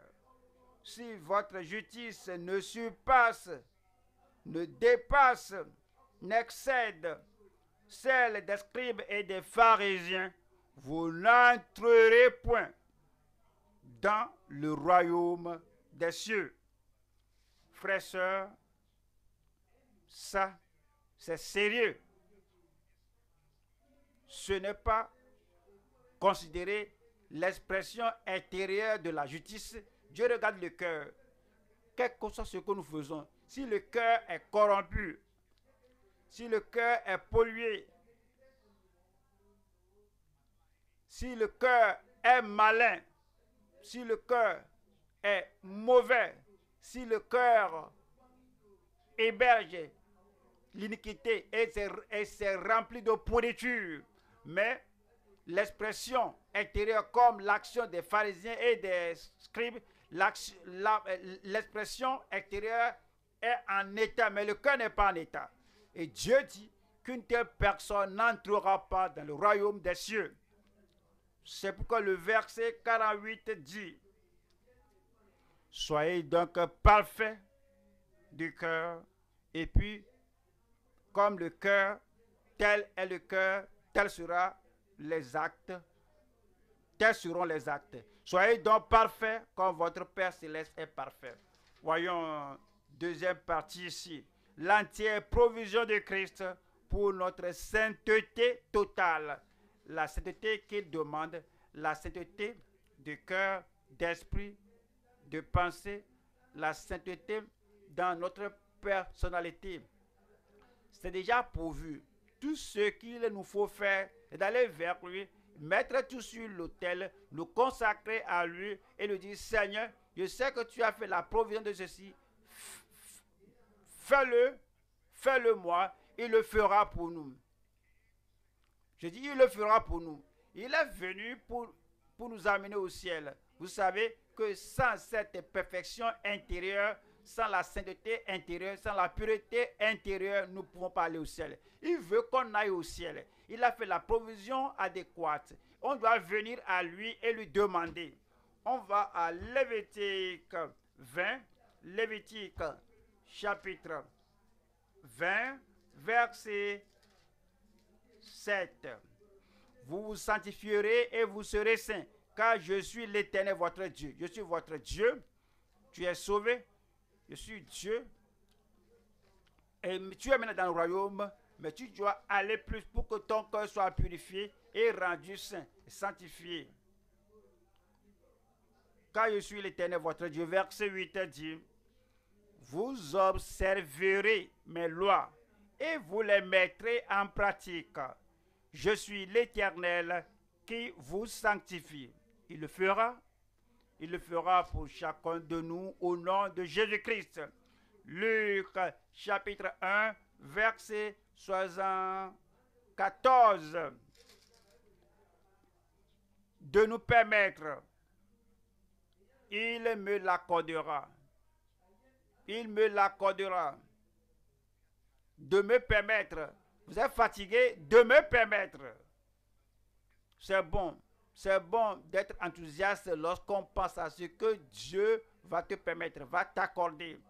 Speaker 1: si votre justice ne surpasse, ne dépasse, n'excède celle des scribes et des pharisiens, vous n'entrerez point dans le royaume des cieux. Frères, sœurs, ça, c'est sérieux. Ce n'est pas considérer l'expression intérieure de la justice, je regarde le cœur. Quel que soit ce que nous faisons, si le cœur est corrompu, si le cœur est pollué, si le cœur est malin, si le cœur est mauvais, si le cœur héberge l'iniquité et s'est rempli de pourriture, mais l'expression intérieure comme l'action des pharisiens et des scribes euh, l'expression extérieure est en état, mais le cœur n'est pas en état. Et Dieu dit qu'une telle personne n'entrera pas dans le royaume des cieux. C'est pourquoi le verset 48 dit, Soyez donc parfaits du cœur, et puis, comme le cœur, tel est le cœur, tel sera les actes, tels seront les actes. Soyez donc parfaits comme votre Père céleste est parfait. Voyons, deuxième partie ici. L'entière provision de Christ pour notre sainteté totale. La sainteté qu'il demande, la sainteté de cœur, d'esprit, de pensée, la sainteté dans notre personnalité. C'est déjà pourvu. Tout ce qu'il nous faut faire, est d'aller vers lui mettre tout sur l'autel, nous consacrer à lui et nous dire, Seigneur, je sais que tu as fait la provision de ceci, fais-le, fais-le moi, il le fera pour nous. Je dis, il le fera pour nous. Il est venu pour, pour nous amener au ciel. Vous savez que sans cette perfection intérieure, sans la sainteté intérieure, sans la pureté intérieure, nous ne pouvons pas aller au ciel. Il veut qu'on aille au ciel. Il a fait la provision adéquate. On doit venir à lui et lui demander. On va à Lévitique 20, Lévitique chapitre 20, verset 7. Vous vous sanctifierez et vous serez saints, car je suis l'Éternel, votre Dieu. Je suis votre Dieu. Tu es sauvé. Je suis Dieu. Et tu es maintenant dans le royaume mais tu dois aller plus pour que ton cœur soit purifié et rendu saint, sanctifié. Car je suis l'Éternel, votre Dieu, verset 8 dit, vous observerez mes lois et vous les mettrez en pratique. Je suis l'Éternel qui vous sanctifie. Il le fera. Il le fera pour chacun de nous au nom de Jésus-Christ. Luc chapitre 1, verset 74 de nous permettre, il me l'accordera. Il me l'accordera de me permettre. Vous êtes fatigué de me permettre. C'est bon. C'est bon d'être enthousiaste lorsqu'on pense à ce que Dieu va te permettre, va t'accorder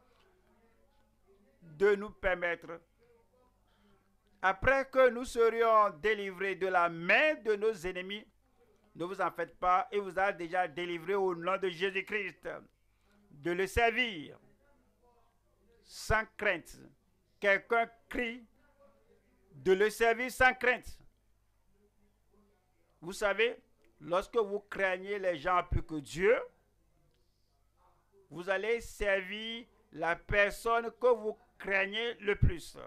Speaker 1: de nous permettre après que nous serions délivrés de la main de nos ennemis, ne vous en faites pas, et vous a déjà délivré au nom de Jésus-Christ de le servir sans crainte. Quelqu'un crie de le servir sans crainte. Vous savez, lorsque vous craignez les gens plus que Dieu, vous allez servir la personne que vous craignez le plus.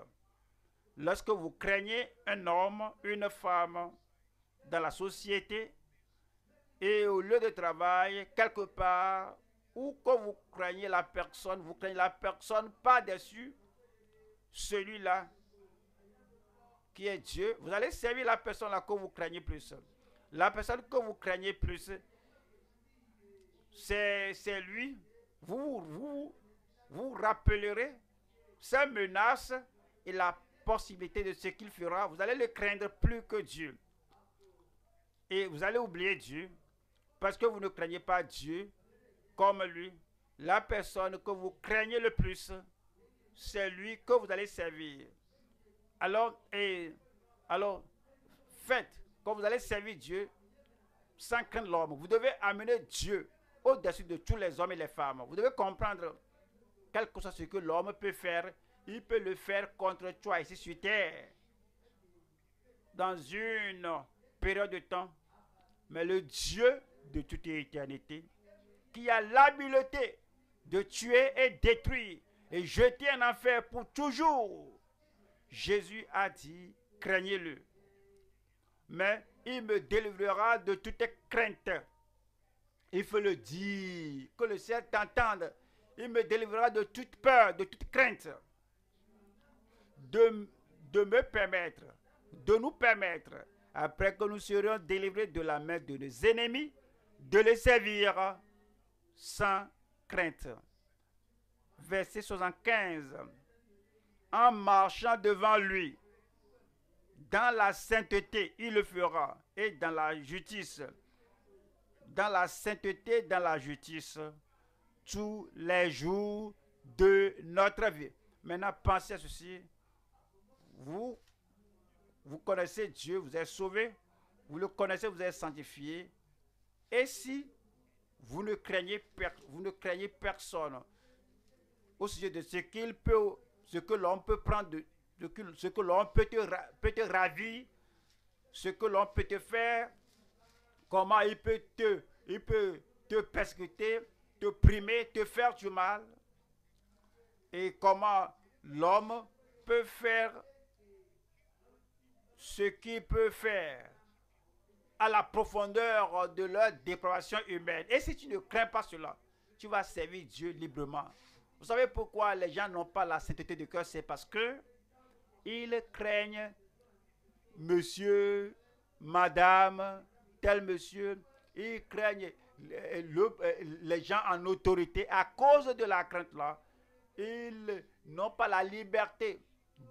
Speaker 1: Lorsque vous craignez un homme, une femme dans la société et au lieu de travail, quelque part, ou quand vous craignez la personne, vous craignez la personne pas dessus celui-là qui est Dieu, vous allez servir la personne là que vous craignez plus. La personne que vous craignez plus, c'est lui. Vous, vous vous rappellerez sa menace et la possibilité de ce qu'il fera, vous allez le craindre plus que Dieu. Et vous allez oublier Dieu parce que vous ne craignez pas Dieu comme lui. La personne que vous craignez le plus, c'est lui que vous allez servir. Alors, et, alors, faites quand vous allez servir Dieu sans craindre l'homme. Vous devez amener Dieu au-dessus de tous les hommes et les femmes. Vous devez comprendre quelque chose ce que l'homme peut faire il peut le faire contre toi ici sur terre, dans une période de temps. Mais le Dieu de toute éternité, qui a l'habileté de tuer et détruire et jeter en enfer pour toujours, Jésus a dit, craignez-le. Mais il me délivrera de toute crainte. Il faut le dire, que le ciel t'entende. Il me délivrera de toute peur, de toute crainte de, me permettre, de nous permettre, après que nous serions délivrés de la main de nos ennemis, de les servir sans crainte. Verset 75. En marchant devant lui, dans la sainteté, il le fera, et dans la justice. Dans la sainteté, dans la justice, tous les jours de notre vie. Maintenant, pensez à ceci vous, vous connaissez Dieu, vous êtes sauvé, vous le connaissez, vous êtes sanctifié. Et si vous ne craignez, personne au sujet de ce qu'il peut, ce que l'on peut prendre, de, ce que l'homme peut te, peut ravir, ce que l'on peut te faire, comment il peut te, il peut te persécuter, te primer, te faire du mal, et comment l'homme peut faire ce qui peut faire à la profondeur de leur dépravation humaine. Et si tu ne crains pas cela, tu vas servir Dieu librement. Vous savez pourquoi les gens n'ont pas la sainteté de cœur C'est parce que ils craignent monsieur, madame, tel monsieur. Ils craignent les gens en autorité. À cause de la crainte-là, ils n'ont pas la liberté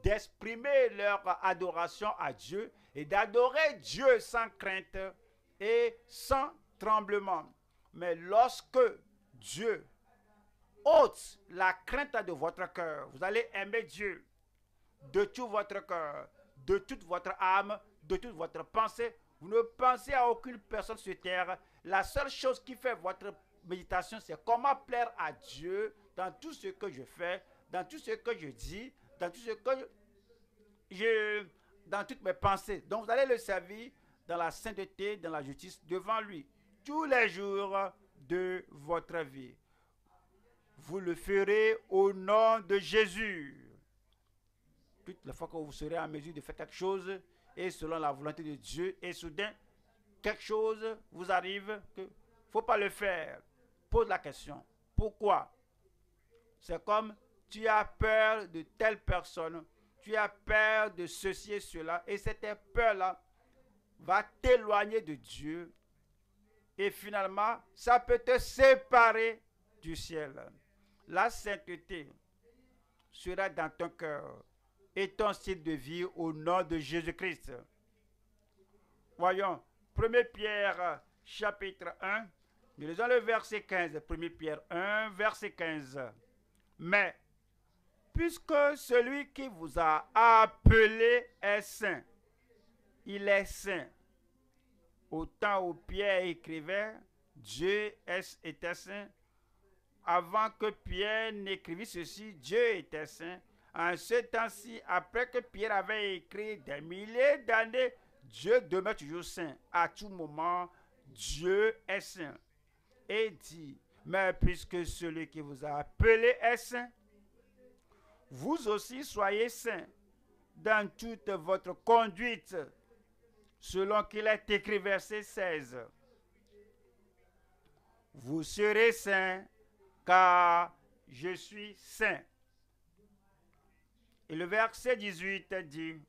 Speaker 1: d'exprimer leur adoration à Dieu et d'adorer Dieu sans crainte et sans tremblement. Mais lorsque Dieu ôte la crainte de votre cœur, vous allez aimer Dieu de tout votre cœur, de toute votre âme, de toute votre pensée. Vous ne pensez à aucune personne sur terre. La seule chose qui fait votre méditation, c'est comment plaire à Dieu dans tout ce que je fais, dans tout ce que je dis, dans dans toutes mes pensées. Donc vous allez le servir dans la sainteté, dans la justice devant lui, tous les jours de votre vie. Vous le ferez au nom de Jésus. Toute la fois que vous serez en mesure de faire quelque chose, et selon la volonté de Dieu, et soudain, quelque chose vous arrive que faut pas le faire. Pose la question. Pourquoi C'est comme tu as peur de telle personne, tu as peur de ceci et cela, et cette peur-là va t'éloigner de Dieu, et finalement, ça peut te séparer du ciel. La sainteté sera dans ton cœur et ton style de vie au nom de Jésus-Christ. Voyons, 1 Pierre chapitre 1, nous lisons le verset 15. 1 Pierre 1, verset 15. Mais puisque celui qui vous a appelé est saint. Il est saint. Au temps où Pierre écrivait, Dieu était saint. Avant que Pierre n'écrivît ceci, Dieu était saint. En ce temps-ci, après que Pierre avait écrit des milliers d'années, Dieu demeure toujours saint. À tout moment, Dieu est saint. Et dit, mais puisque celui qui vous a appelé est saint, vous aussi soyez saints dans toute votre conduite, selon qu'il est écrit verset 16. Vous serez saints car je suis saint. Et le verset 18 dit,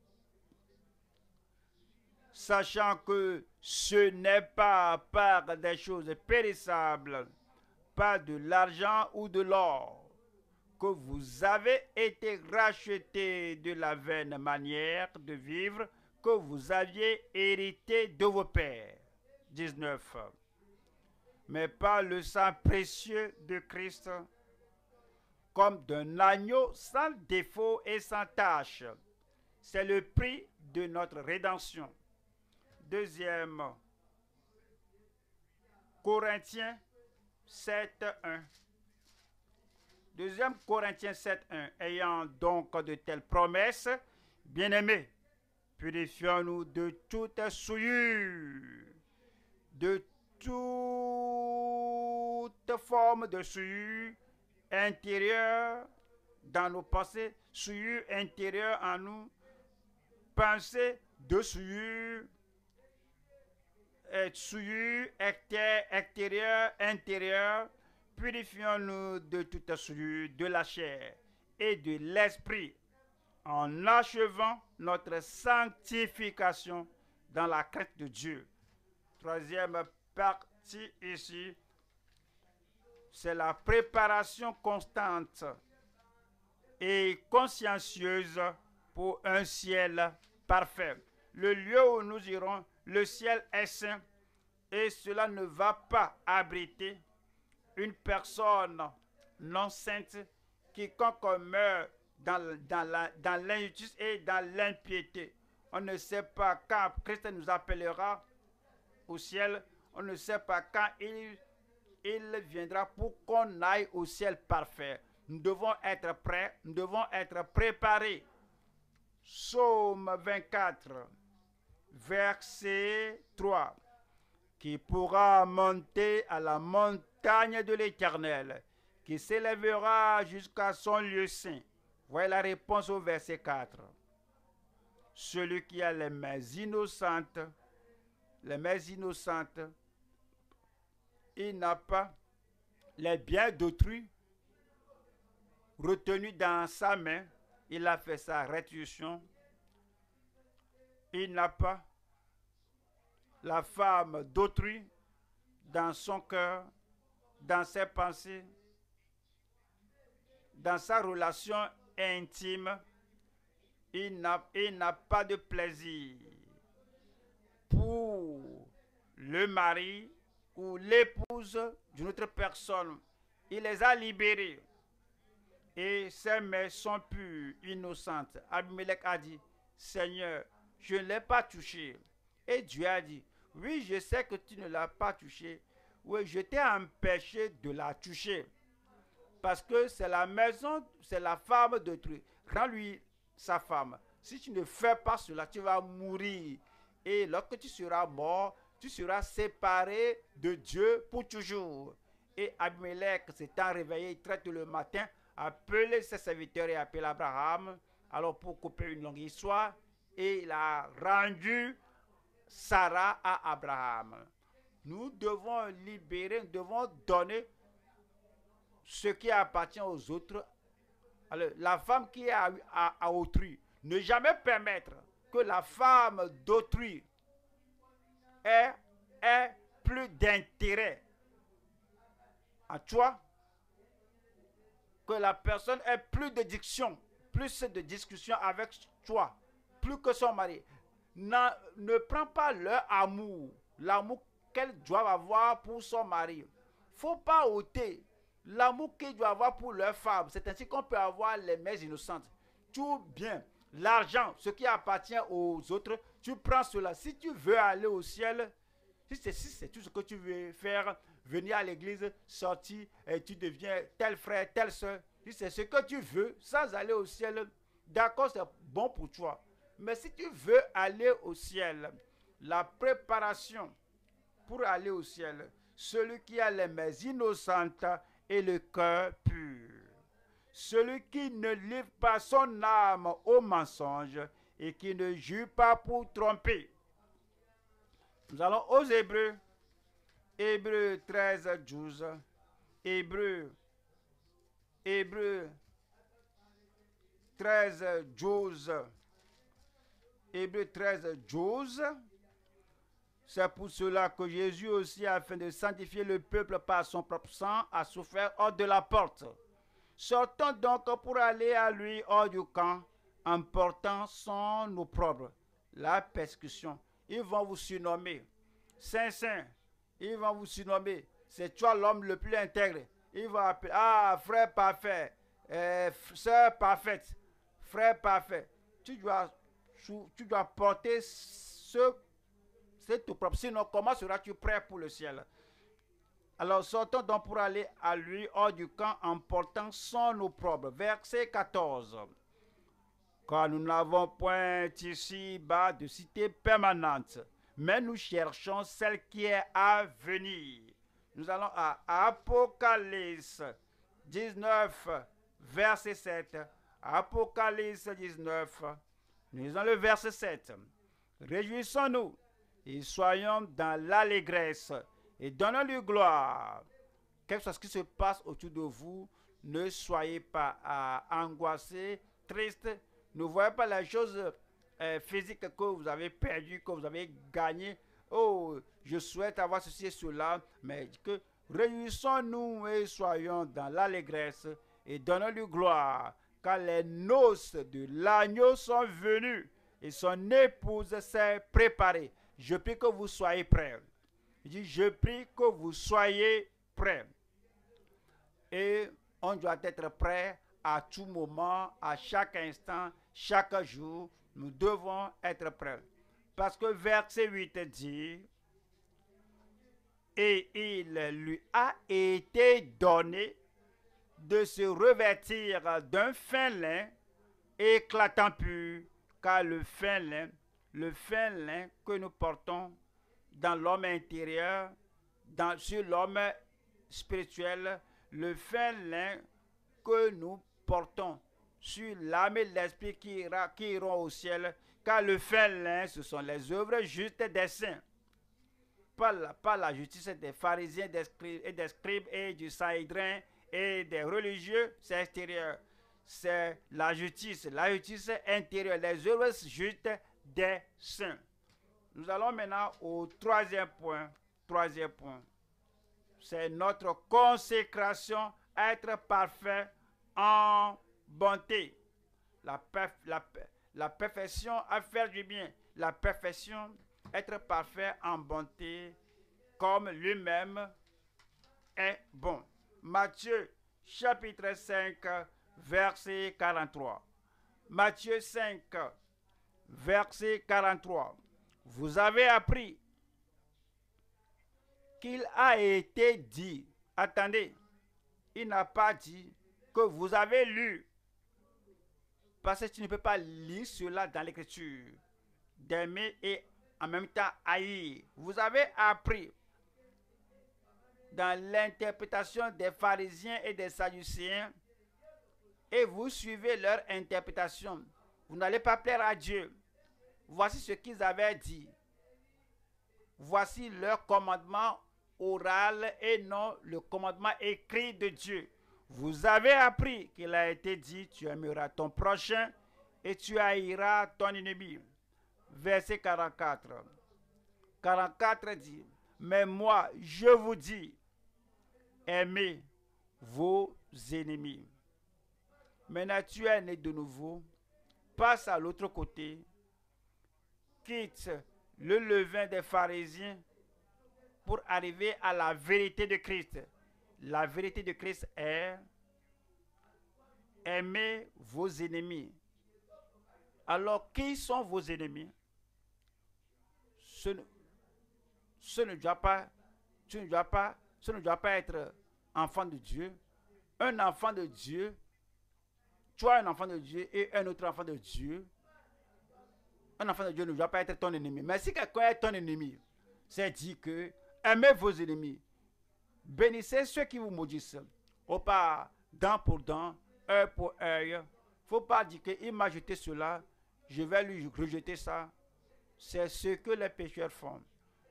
Speaker 1: sachant que ce n'est pas par des choses périssables, pas de l'argent ou de l'or, que vous avez été rachetés de la vaine manière de vivre que vous aviez hérité de vos pères. 19. Mais par le sang précieux de Christ, comme d'un agneau sans défaut et sans tâche, C'est le prix de notre rédemption. Deuxième, Corinthiens 7, 1. Deuxième Corinthiens 7, 1. Ayant donc de telles promesses, bien-aimés, purifions-nous de toute souillure, de toute forme de souillure intérieure dans nos pensées, souillure intérieure en nous, pensée de souillure, et euh, souillure extérieure, intérieure purifions-nous de toute souillure de la chair et de l'esprit, en achevant notre sanctification dans la crainte de Dieu. Troisième partie ici, c'est la préparation constante et consciencieuse pour un ciel parfait. Le lieu où nous irons, le ciel est saint et cela ne va pas abriter une personne non sainte, quiconque meurt dans, dans l'injustice et dans l'impiété. On ne sait pas quand Christ nous appellera au ciel. On ne sait pas quand il, il viendra pour qu'on aille au ciel parfait. Nous devons être prêts, nous devons être préparés. Psaume 24, verset 3 qui pourra monter à la montagne de l'Éternel, qui s'élèvera jusqu'à son lieu saint. Voilà la réponse au verset 4. Celui qui a les mains innocentes, les mains innocentes, il n'a pas les biens d'autrui retenus dans sa main. Il a fait sa rétention. Il n'a pas la femme d'autrui dans son cœur, dans ses pensées, dans sa relation intime, il n'a pas de plaisir pour le mari ou l'épouse d'une autre personne. Il les a libérés. Et ses mains sont pures, innocentes. Abimelech a dit, Seigneur, je ne l'ai pas touché. Et Dieu a dit, oui, je sais que tu ne l'as pas touché. Oui, je t'ai empêché de la toucher. Parce que c'est la maison, c'est la femme d'autrui. Rends-lui sa femme. Si tu ne fais pas cela, tu vas mourir. Et lorsque tu seras mort, tu seras séparé de Dieu pour toujours. Et Abimelech s'étant réveillé très tôt le matin, appelé ses serviteurs et appelé Abraham. Alors pour couper une longue histoire, et il a rendu Sarah à Abraham. Nous devons libérer, nous devons donner ce qui appartient aux autres. Alors, la femme qui est à, autrui, ne jamais permettre que la femme d'autrui ait, ait plus d'intérêt à toi, que la personne ait plus de diction, plus de discussion avec toi, plus que son mari ne prend pas leur amour, l'amour qu'elles doivent avoir pour son mari. faut pas ôter l'amour qu'elles doivent avoir pour leur femme. C'est ainsi qu'on peut avoir les mères innocentes. Tout bien, l'argent, ce qui appartient aux autres, tu prends cela. Si tu veux aller au ciel, si c'est tout ce que tu veux faire, venir à l'église, sortir, et tu deviens tel frère, tel soeur, si c'est ce que tu veux, sans aller au ciel, d'accord, c'est bon pour toi. Mais si tu veux aller au ciel, la préparation pour aller au ciel, celui qui a les mains innocentes et le cœur pur, celui qui ne livre pas son âme au mensonge et qui ne jure pas pour tromper. Nous allons aux Hébreux. Hébreux 13, 12. Hébreux. Hébreux 13, 12. Hébreu 13, 12 C'est pour cela que Jésus aussi, afin de sanctifier le peuple par son propre sang, a souffert hors de la porte. Sortons donc pour aller à lui hors du camp, en portant nos propres la persécution. Ils vont vous surnommer Saint Saint. Ils vont vous surnommer. C'est toi l'homme le plus intègre. il va appeler Ah, frère parfait, euh, sœur parfaite, frère parfait. Tu dois tu dois porter ce, c'est tout propre. Sinon, comment seras-tu prêt pour le ciel Alors sortons donc pour aller à lui hors du camp en portant son nos propres. Verset 14. Car nous n'avons point ici-bas de cité permanente, mais nous cherchons celle qui est à venir. Nous allons à Apocalypse 19, verset 7. Apocalypse 19, nous Lisons le verset 7. Réjouissons-nous et soyons dans l'allégresse et donnons-lui gloire. Quelque Qu'est-ce qui se passe autour de vous, ne soyez pas euh, angoissés, tristes. Ne voyez pas la chose euh, physique que vous avez perdue, que vous avez gagnée. Oh, je souhaite avoir ceci et cela, mais que réjouissons nous et soyons dans l'allégresse et donnons-lui gloire, quand les noces de l'agneau sont venues et son épouse s'est préparée. Je prie que vous soyez prêts. Il dit, je prie que vous soyez prêts. Et on doit être prêt à tout moment, à chaque instant, chaque jour. Nous devons être prêts. Parce que verset 8 dit, et il lui a été donné de se revêtir d'un fin lin éclatant pur, car le fin lin, le fin que nous portons dans l'homme intérieur, dans, sur l'homme spirituel, le fin lin que nous portons sur l'âme et l'esprit qui, iront au ciel, car le fin lin, ce sont les œuvres justes des saints. Par la, la justice des pharisiens des et des scribes et du Saïdrin et des religieux, c'est extérieur. C'est la justice, la justice intérieure, les œuvres justes des saints. Nous allons maintenant au troisième point. Troisième point. C'est notre consécration, être parfait en bonté. La, la, perfection à faire du bien. La perfection, être parfait en bonté, comme lui-même est bon. Matthieu chapitre 5, verset 43. Matthieu 5, verset 43. Vous avez appris qu'il a été dit. Attendez, il n'a pas dit que vous avez lu. Parce que tu ne peux pas lire cela dans l'écriture. D'aimer et en même temps haïr. Vous avez appris dans l'interprétation des pharisiens et des sadducéens et vous suivez leur interprétation. Vous n'allez pas plaire à Dieu. Voici ce qu'ils avaient dit. Voici leur commandement oral et non le commandement écrit de Dieu. Vous avez appris qu'il a été dit, tu aimeras ton prochain et tu haïras ton ennemi. Verset 44. 44 dit, mais moi, je vous dis, Aimez vos ennemis. Maintenant, tu es né de nouveau. Passe à l'autre côté. Quitte le levain des pharisiens pour arriver à la vérité de Christ. La vérité de Christ est aimez vos ennemis. Alors, qui sont vos ennemis ce ne, ce ne doit tu ne ce ne doit pas être enfant de Dieu, un enfant de Dieu, toi un enfant de Dieu et un autre enfant de Dieu, un enfant de Dieu ne doit pas être ton ennemi. Mais si quelqu'un est ton ennemi, c'est dit que aimez vos ennemis, bénissez ceux qui vous maudissent, au pas dent pour dent, œil pour œil. faut pas dire qu'il m'a jeté cela, je vais lui rejeter ça. C'est ce que les pécheurs font.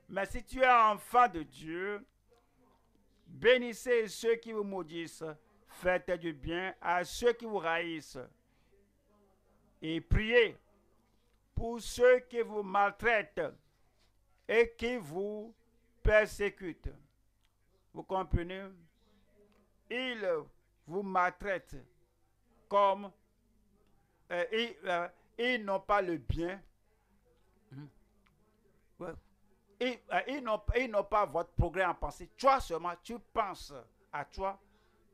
Speaker 1: Mais si tu es enfant de Dieu, Bénissez ceux qui vous maudissent. Faites du bien à ceux qui vous haïssent. Et priez pour ceux qui vous maltraitent et qui vous persécutent. Vous comprenez? Ils vous maltraitent comme euh, euh, ils, n'ont pas le bien. Hmm. Euh, ils, n'ont pas votre progrès en pensée. Toi seulement, tu penses à toi,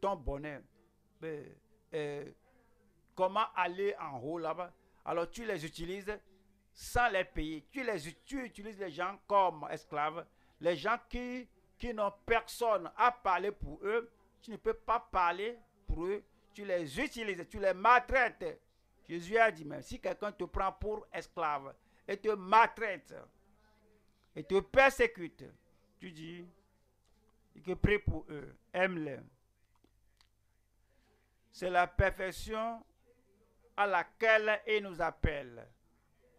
Speaker 1: ton bonheur. Mais, euh, comment aller en haut là-bas Alors tu les utilises sans les payer. Tu, les, utilises les gens comme esclaves. Les gens qui, qui n'ont personne à parler pour eux, tu ne peux pas parler pour eux. Tu les utilises, tu les maltraites. Jésus a dit même, si quelqu'un te prend pour esclave et te maltraite, et te persécute. tu dis Et que prie pour eux, aime-les. C'est la perfection à laquelle il nous appelle.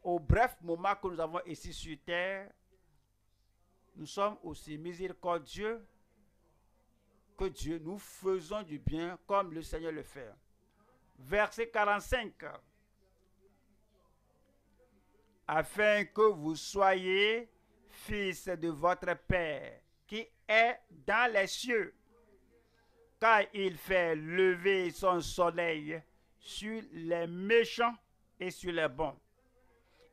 Speaker 1: Au bref moment que nous avons ici sur terre, nous sommes aussi miséricordieux que Dieu. Nous faisons du bien comme le Seigneur le fait. Verset 45. Afin que vous soyez fils de votre Père qui est dans les cieux, car il fait lever son soleil sur les méchants et sur les bons,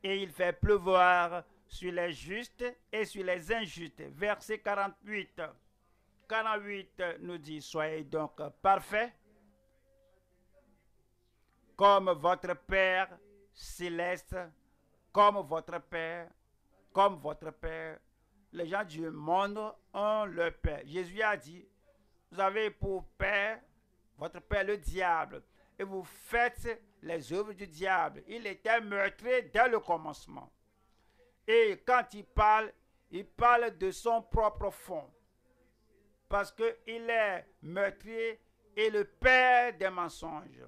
Speaker 1: et il fait pleuvoir sur les justes et sur les injustes. Verset 48. 48 nous dit, soyez donc parfaits, comme votre Père céleste, comme votre Père comme votre Père. Les gens du monde ont leur Père. Jésus a dit, vous avez pour Père, votre Père le diable, et vous faites les œuvres du diable. Il était meurtrier dès le commencement. Et quand il parle, il parle de son propre fond. Parce qu'il est meurtrier et le père des mensonges.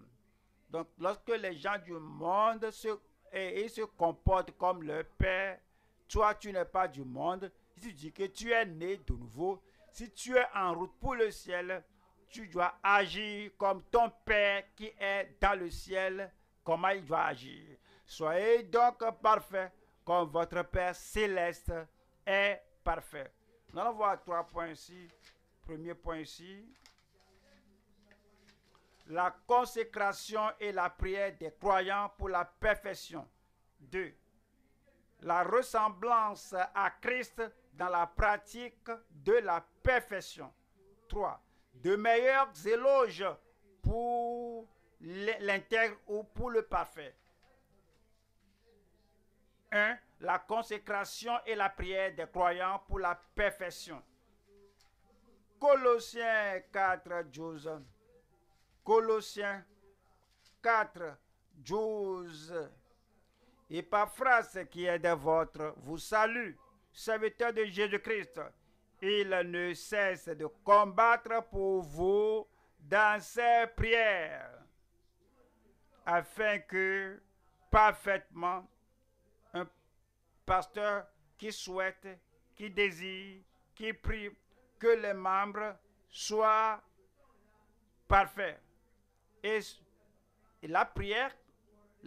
Speaker 1: Donc lorsque les gens du monde se, se comportent comme leur père, toi, tu n'es pas du monde. Si tu dis que tu es né de nouveau, si tu es en route pour le ciel, tu dois agir comme ton Père qui est dans le ciel, comment il doit agir. Soyez donc parfaits comme votre Père céleste est parfait. Nous allons voir trois points ici. Premier point ici. La consécration et la prière des croyants pour la perfection. Deux la ressemblance à Christ dans la pratique de la perfection. 3. De meilleurs éloges pour l'intègre ou pour le parfait. 1. La consécration et la prière des croyants pour la perfection. Colossiens 4, 12. Colossiens 4, 12 et par phrase qui est de votre, vous salue, serviteur de Jésus-Christ. Il ne cesse de combattre pour vous dans ses prières, afin que parfaitement un pasteur qui souhaite, qui désire, qui prie, que les membres soient parfaits. Et la prière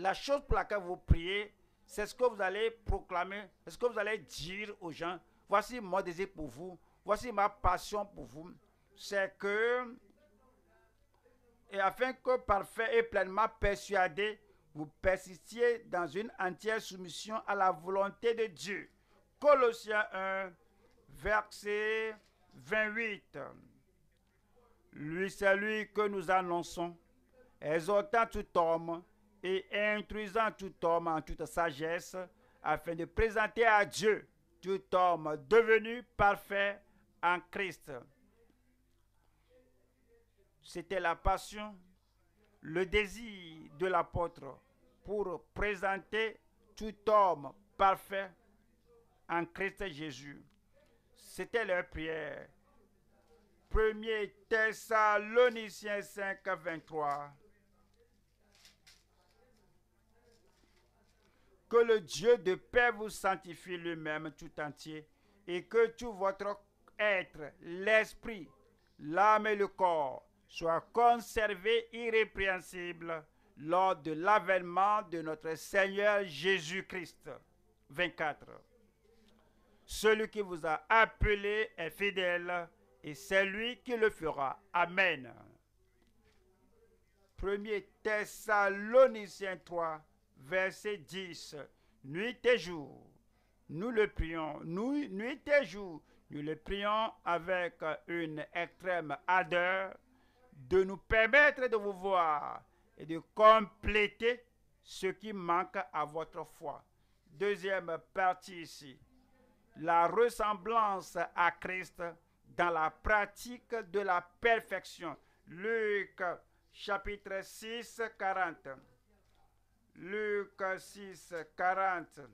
Speaker 1: la chose pour laquelle vous priez, c'est ce que vous allez proclamer, c'est ce que vous allez dire aux gens. Voici mon désir pour vous, voici ma passion pour vous. C'est que, et afin que parfait et pleinement persuadé, vous persistiez dans une entière soumission à la volonté de Dieu. Colossiens 1, verset 28. Lui, c'est lui que nous annonçons, exhortant tout homme et instruisant tout homme en toute sagesse, afin de présenter à Dieu tout homme devenu parfait en Christ. C'était la passion, le désir de l'apôtre pour présenter tout homme parfait en Christ Jésus. C'était leur prière. 1 Thessaloniciens 5, 23. Que le Dieu de paix vous sanctifie lui-même tout entier et que tout votre être, l'esprit, l'âme et le corps soient conservés irrépréhensibles lors de l'avènement de notre Seigneur Jésus-Christ. 24. Celui qui vous a appelé est fidèle et c'est lui qui le fera. Amen. 1 Thessaloniciens 3, verset 10. Nuit et jour, nous le prions, nous, nuit et jour, nous le prions avec une extrême ardeur de nous permettre de vous voir et de compléter ce qui manque à votre foi. Deuxième partie ici, la ressemblance à Christ dans la pratique de la perfection. Luc chapitre 6, 40. Luc 6, 40.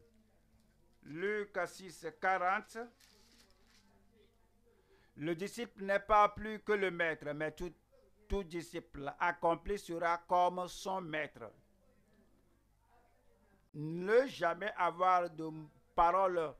Speaker 1: Luc 6, 40. Le disciple n'est pas plus que le maître, mais tout, tout disciple accompli sera comme son maître. Ne jamais avoir de paroles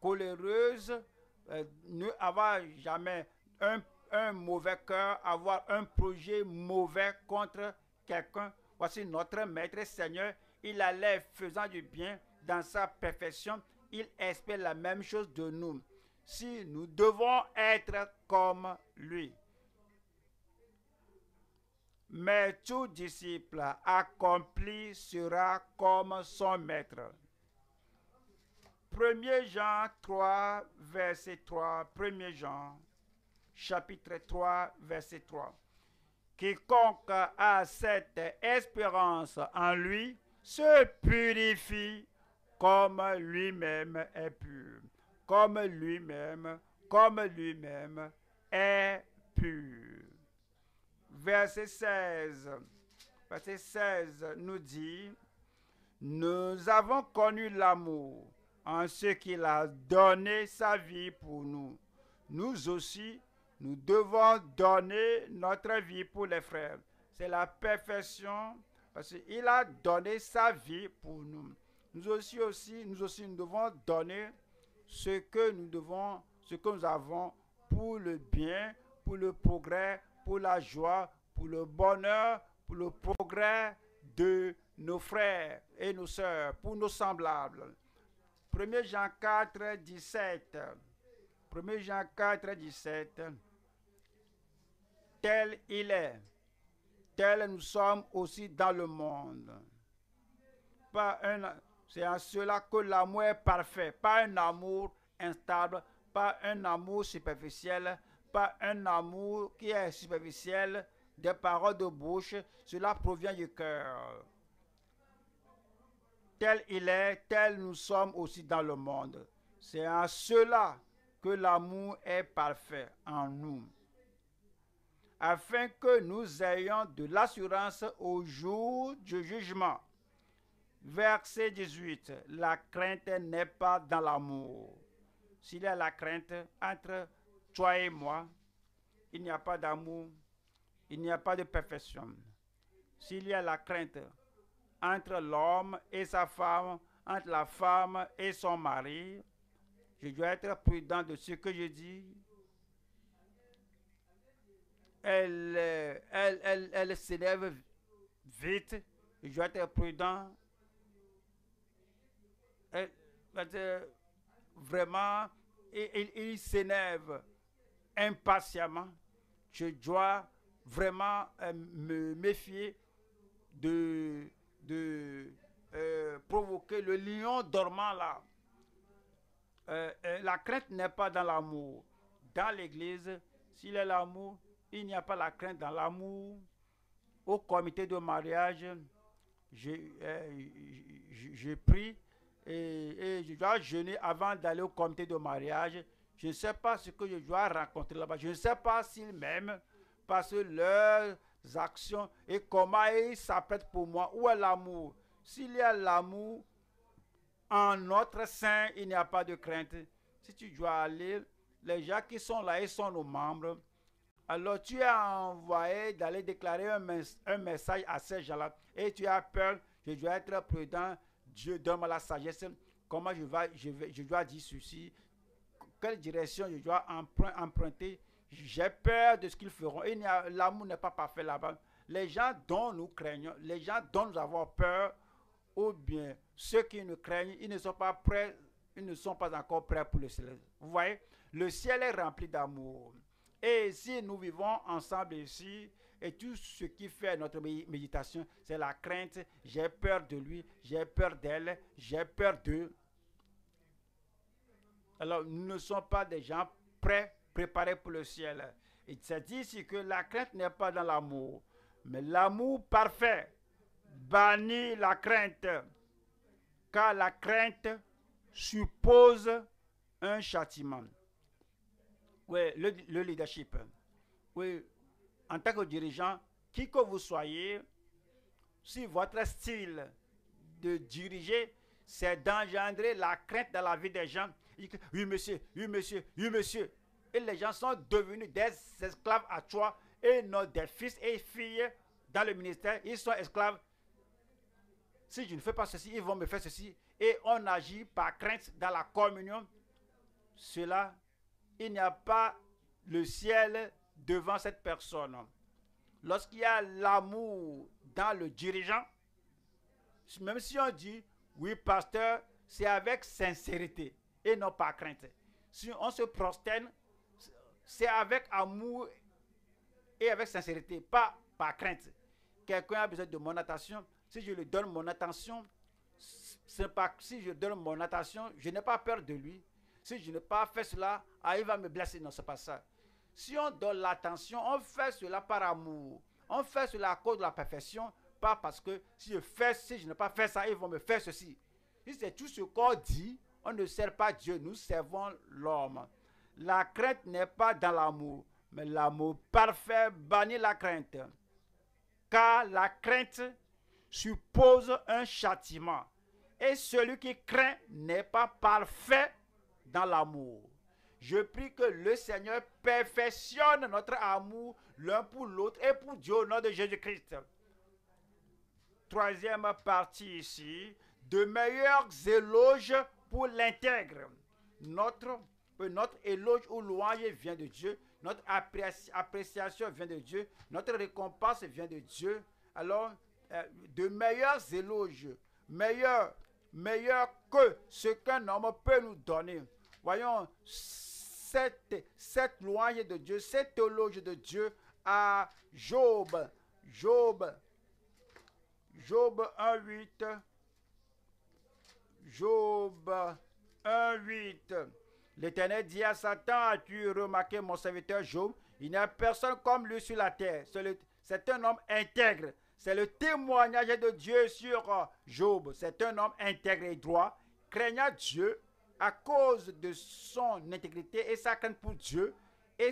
Speaker 1: coléreuses, euh, ne avoir jamais un, un mauvais cœur, avoir un projet mauvais contre quelqu'un Voici notre Maître Seigneur, il allait faisant du bien dans sa perfection, il espère la même chose de nous. Si nous devons être comme lui. Mais tout disciple accompli sera comme son maître. 1 Jean 3, verset 3. 1 Jean, chapitre 3, verset 3. Quiconque a cette espérance en lui se purifie comme lui-même est pur, comme lui-même, comme lui-même est pur. Verset 16. Verset 16 nous dit, nous avons connu l'amour en ce qu'il a donné sa vie pour nous. Nous aussi, nous devons donner notre vie pour les frères. C'est la perfection parce qu'il a donné sa vie pour nous. Nous aussi, aussi, nous aussi, nous devons donner ce que nous devons, ce que nous avons pour le bien, pour le progrès, pour la joie, pour le bonheur, pour le progrès de nos frères et nos sœurs, pour nos semblables. 1 Jean 4, 17. 1 Jean 4, 17 tel il est, tel nous sommes aussi dans le monde. Pas un, c'est à cela que l'amour est parfait, pas un amour instable, pas un amour superficiel, pas un amour qui est superficiel, des paroles de bouche, cela provient du cœur. Tel il est, tel nous sommes aussi dans le monde. C'est à cela que l'amour est parfait en nous afin que nous ayons de l'assurance au jour du jugement. Verset 18. La crainte n'est pas dans l'amour. S'il y a la crainte entre toi et moi, il n'y a pas d'amour, il n'y a pas de perfection. S'il y a la crainte entre l'homme et sa femme, entre la femme et son mari, je dois être prudent de ce que je dis, euh, elle, elle, s'élève vite. Je dois être prudent. vraiment, il, il s'énerve impatiemment. Je dois vraiment euh, me méfier de, de euh, provoquer le lion dormant là. la crainte n'est pas dans l'amour. Dans l'Église, s'il est l'amour, il n'y a pas la crainte dans l'amour, au comité de mariage, eh, j'ai pris et, et, je dois jeûner avant d'aller au comité de mariage. Je ne sais pas ce que je dois rencontrer là-bas. Je ne sais pas s'ils m'aiment parce que leurs actions et comment ils s'apprêtent pour moi. Où est l'amour S'il y a l'amour en notre sein, il n'y a pas de crainte. Si tu dois aller, les gens qui sont là, ils sont nos membres. Alors tu as envoyé d'aller déclarer un, un, message à ces gens-là. Et tu as peur, je dois être prudent, Dieu donne-moi la sagesse. Comment je, vais, je, dois dire ceci Quelle direction je dois emprunter J'ai peur de ce qu'ils feront. L'amour n'est pas parfait là-bas. Les gens dont nous craignons, les gens dont nous avons peur, ou bien ceux qui nous craignent, ils ne sont pas prêts, ils ne sont pas encore prêts pour le ciel. Vous voyez, le ciel est rempli d'amour. Et si nous vivons ensemble ici, et tout ce qui fait notre méditation, c'est la crainte. J'ai peur de lui, j'ai peur d'elle, j'ai peur d'eux. Alors, nous ne sommes pas des gens prêts, préparés pour le ciel. Il s'est dit ici que la crainte n'est pas dans l'amour, mais l'amour parfait bannit la crainte, car la crainte suppose un châtiment. Oui, le, leadership. Oui, en tant que dirigeant, qui que vous soyez, si votre style de diriger, c'est d'engendrer la crainte dans la vie des gens. Oui, monsieur, oui, monsieur, oui, monsieur. Et les gens sont devenus des esclaves à toi et non des fils et filles dans le ministère. Ils sont esclaves. Si je ne fais pas ceci, ils vont me faire ceci. Et on agit par crainte dans la communion. Cela il n'y a pas le ciel devant cette personne. Lorsqu'il y a l'amour dans le dirigeant, même si on dit, oui, pasteur, c'est avec sincérité et non pas crainte. Si on se prosterne, c'est avec amour et avec sincérité, pas par crainte. Quelqu'un a besoin de mon attention. Si je lui donne mon attention, c'est pas, si je donne mon attention, je n'ai pas peur de lui si je n'ai pas fait cela, ah, il va me blesser. Non, ce n'est pas ça. Si on donne l'attention, on fait cela par amour. On fait cela à cause de la perfection, pas parce que si je fais, si je n'ai pas fait ça, ils vont me faire ceci. c'est tout ce qu'on dit, on ne sert pas Dieu, nous servons l'homme. La crainte n'est pas dans l'amour, mais l'amour parfait bannit la crainte. Car la crainte suppose un châtiment. Et celui qui craint n'est pas parfait dans l'amour. Je prie que le Seigneur perfectionne notre amour l'un pour l'autre et pour Dieu au nom de Jésus-Christ. Troisième partie ici, de meilleurs éloges pour l'intègre. Notre, euh, notre éloge ou louange vient de Dieu, notre appréciation vient de Dieu, notre récompense vient de Dieu. Alors, euh, de meilleurs éloges, meilleurs, meilleurs que ce qu'un homme peut nous donner Voyons, cette, cette de Dieu, cette loge de Dieu à Job. Job, Job 1.8. Job 1.8. L'Éternel dit à Satan, as-tu remarqué mon serviteur Job Il n'y a personne comme lui sur la terre. C'est un homme intègre. C'est le témoignage de Dieu sur euh, Job. C'est un homme intègre et droit, craignant Dieu à cause de son intégrité et sa crainte pour Dieu, et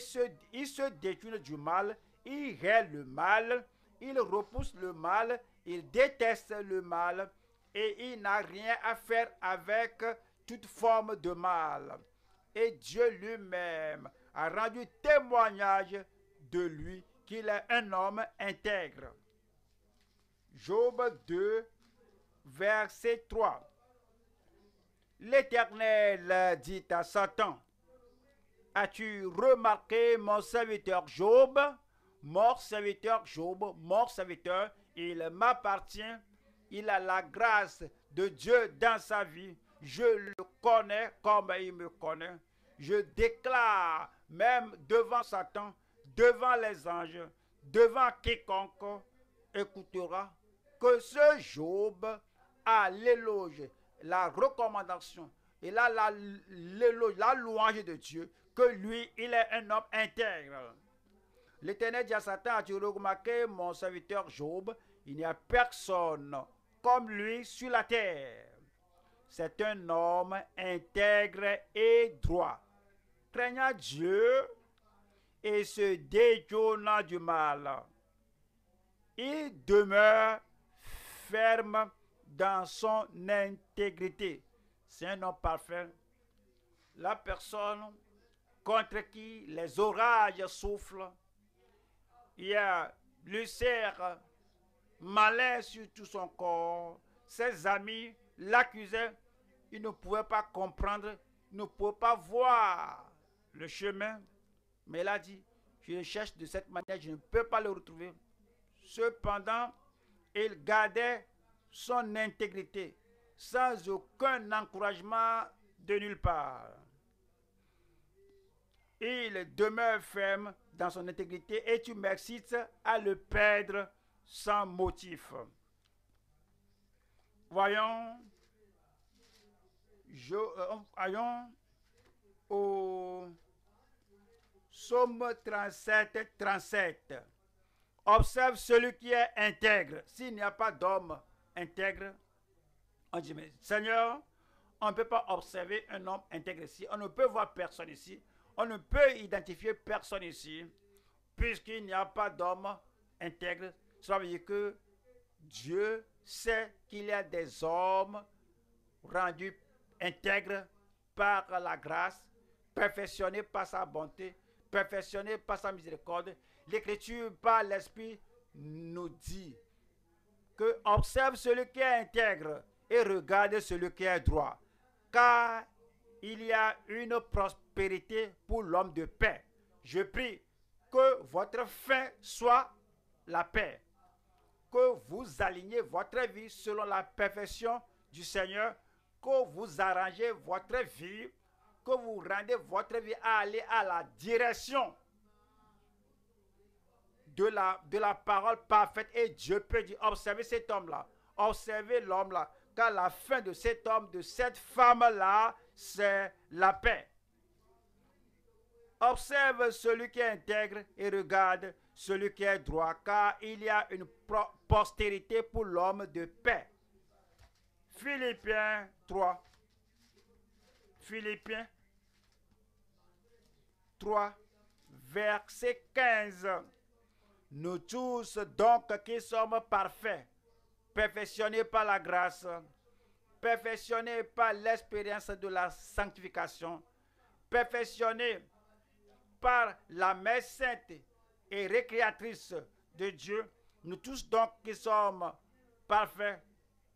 Speaker 1: il se détourne du mal, il hait le mal, il repousse le mal, il déteste le mal, et il n'a rien à faire avec toute forme de mal. Et Dieu lui-même a rendu témoignage de lui qu'il est un homme intègre. Job 2, verset 3. L'Éternel dit à Satan, As-tu remarqué mon serviteur Job Mort serviteur Job, mort serviteur, il m'appartient, il a la grâce de Dieu dans sa vie. Je le connais comme il me connaît. Je déclare même devant Satan, devant les anges, devant quiconque écoutera que ce Job a l'éloge la recommandation et là, la, louange de Dieu, que lui, il est un homme intègre. L'Éternel dit à Satan, mon serviteur Job Il n'y a personne comme lui sur la terre. C'est un homme intègre et droit, craignant Dieu et se détournant du mal. Il demeure ferme dans son intégrité. C'est un homme parfait. La personne contre qui les orages soufflent. Il y a l'ulcère, malin sur tout son corps. Ses amis l'accusaient. ils ne pouvaient pas comprendre, ils ne pouvaient pas voir le chemin. Mais il a dit, je cherche de cette manière, je ne peux pas le retrouver. Cependant, il gardait son intégrité, sans aucun encouragement de nulle part. Il demeure ferme dans son intégrité et tu m'excites à le perdre sans motif. Voyons, je, euh, voyons au Somme 37, 37. Observe celui qui est intègre, s'il n'y a pas d'homme intègre. On dit, Seigneur, on ne peut pas observer un homme intègre ici. On ne peut voir personne ici. On ne peut identifier personne ici. Puisqu'il n'y a pas d'homme intègre. Cela veut dire que Dieu sait qu'il y a des hommes rendus intègres par la grâce, perfectionnés par sa bonté, perfectionnés par sa miséricorde. L'Écriture, par l'Esprit, nous dit que observe celui qui est intègre et regarde celui qui est droit, car il y a une prospérité pour l'homme de paix. Je prie que votre fin soit la paix, que vous alignez votre vie selon la perfection du Seigneur, que vous arrangez votre vie, que vous rendez votre vie à aller à la direction de la, de la parole parfaite. Et Dieu peut dire, observez cet homme-là, observez l'homme-là, car la fin de cet homme, de cette femme-là, c'est la paix. Observe celui qui est intègre et regarde celui qui est droit, car il y a une postérité pour l'homme de paix. Philippiens 3. Philippiens 3, verset 15. Nous tous donc qui sommes parfaits, perfectionnés par la grâce, perfectionnés par l'expérience de la sanctification, perfectionnés par la main sainte et récréatrice de Dieu, nous tous donc qui sommes parfaits,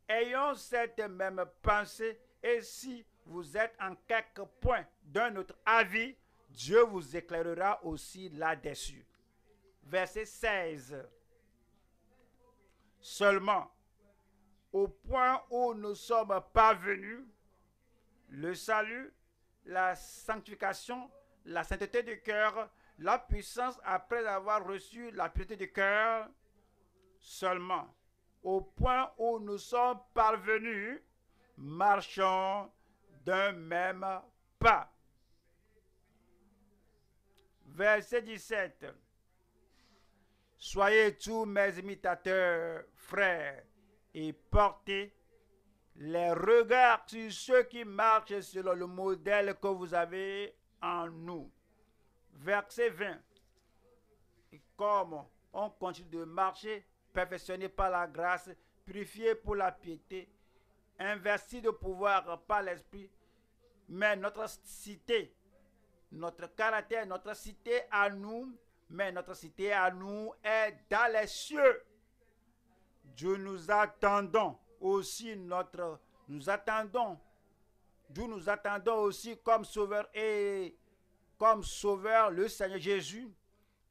Speaker 1: ayons cette même pensée et si vous êtes en quelque point d'un autre avis, Dieu vous éclairera aussi là-dessus verset 16. Seulement, au point où nous sommes parvenus, le salut, la sanctification, la sainteté du cœur, la puissance après avoir reçu la pureté du cœur, seulement au point où nous sommes parvenus, marchons d'un même pas. Verset 17. Soyez tous mes imitateurs, frères, et portez les regards sur ceux qui marchent selon le modèle que vous avez en nous. Verset 20. Et comme on continue de marcher, perfectionné par la grâce, purifié pour la piété, investi de pouvoir par l'Esprit, mais notre cité, notre caractère, notre cité à nous mais notre cité à nous est dans les cieux. Dieu nous attendons aussi notre nous attendons Dieu nous attendons aussi comme sauveur et comme sauveur le Seigneur Jésus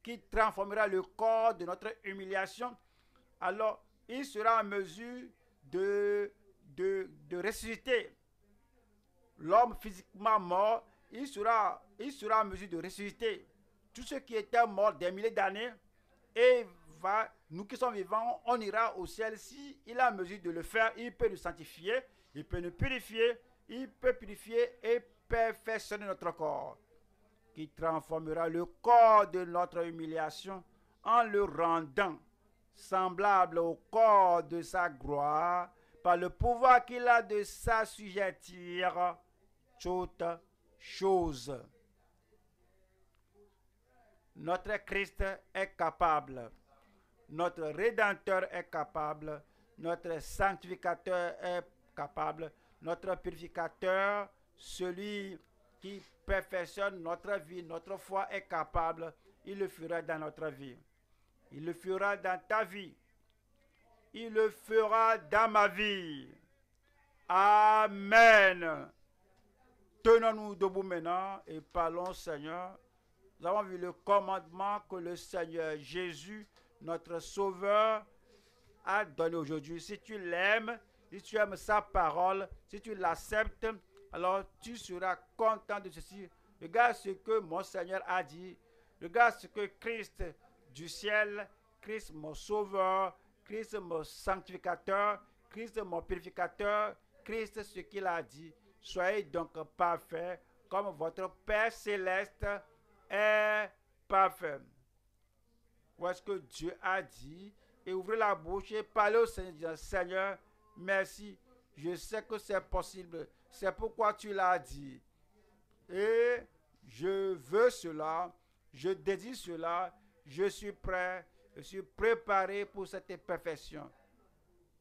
Speaker 1: qui transformera le corps de notre humiliation. Alors, il sera en mesure de, de, ressusciter l'homme physiquement mort. Il sera, il sera en mesure de ressusciter. Tout ce qui était mort des milliers d'années, et va, nous qui sommes vivants, on ira au ciel. Si il a mesure de le faire, il peut nous sanctifier, il peut nous purifier, il peut purifier et perfectionner notre corps, qui transformera le corps de notre humiliation en le rendant semblable au corps de sa gloire, par le pouvoir qu'il a de s'assujettir toute chose. Notre Christ est capable. Notre Rédempteur est capable. Notre sanctificateur est capable. Notre purificateur, celui qui perfectionne notre vie, notre foi est capable. Il le fera dans notre vie. Il le fera dans ta vie. Il le fera dans ma vie. Amen. Tenons-nous debout maintenant et parlons, Seigneur. Nous avons vu le commandement que le Seigneur Jésus, notre Sauveur, a donné aujourd'hui. Si tu l'aimes, si tu aimes sa parole, si tu l'acceptes, alors tu seras content de ceci. Regarde ce que mon Seigneur a dit. Regarde ce que Christ du ciel, Christ mon Sauveur, Christ mon sanctificateur, Christ mon purificateur, Christ ce qu'il a dit. Soyez donc parfaits comme votre Père céleste est parfait. Où ce que Dieu a dit et ouvrez la bouche et parlez au Seigneur, Seigneur, merci, je sais que c'est possible, c'est pourquoi tu l'as dit. Et je veux cela, je dédie cela, je suis prêt, je suis préparé pour cette perfection.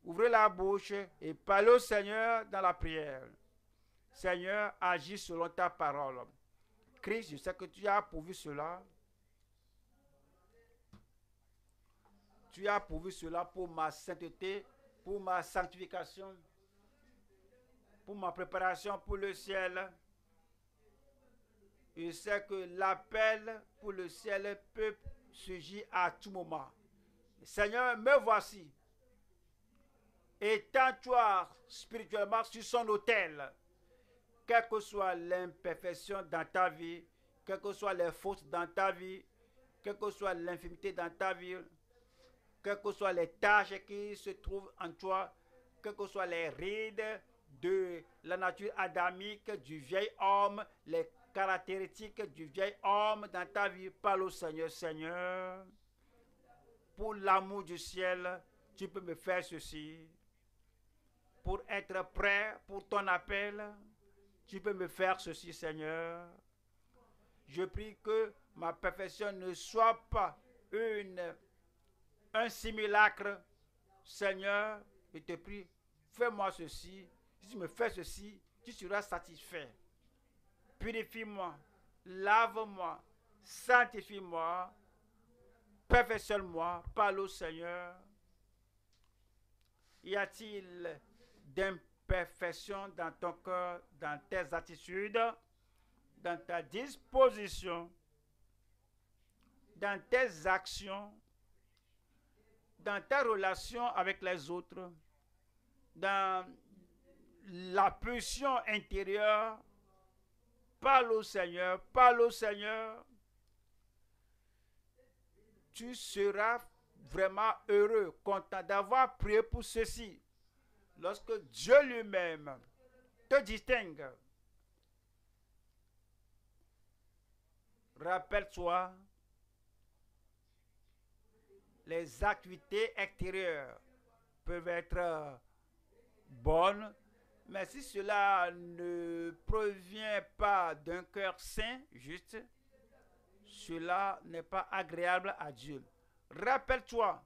Speaker 1: Ouvrez la bouche et parlez au Seigneur dans la prière. Seigneur, agis selon ta parole. Christ, je sais que tu as pourvu cela. Tu as pourvu cela pour ma sainteté, pour ma sanctification, pour ma préparation pour le ciel. Je sais que l'appel pour le ciel peut surgir à tout moment. Seigneur, me voici. Étends-toi spirituellement sur son autel quelle que soit l'imperfection dans ta vie, quelles que soient les fautes dans ta vie, quelle que soit l'infimité dans ta vie, quelles que soient les tâches qui se trouvent en toi, quelles que soit les rides de la nature adamique du vieil homme, les caractéristiques du vieil homme dans ta vie, parle au Seigneur, Seigneur, pour l'amour du ciel, tu peux me faire ceci, pour être prêt pour ton appel tu peux me faire ceci, Seigneur. Je prie que ma perfection ne soit pas une, un simulacre. Seigneur, je te prie, fais-moi ceci. Si tu me fais ceci, tu seras satisfait. Purifie-moi, lave-moi, sanctifie-moi, perfectionne-moi, parle au Seigneur. Y a-t-il d'impact? perfection dans ton cœur, dans tes attitudes, dans ta disposition, dans tes actions, dans ta relation avec les autres, dans la pulsion intérieure. Parle au Seigneur, parle au Seigneur. Tu seras vraiment heureux, content d'avoir prié pour ceci lorsque Dieu lui-même te distingue, rappelle-toi les activités extérieures peuvent être euh, bonnes, mais si cela ne provient pas d'un cœur sain, juste, cela n'est pas agréable à Dieu. Rappelle-toi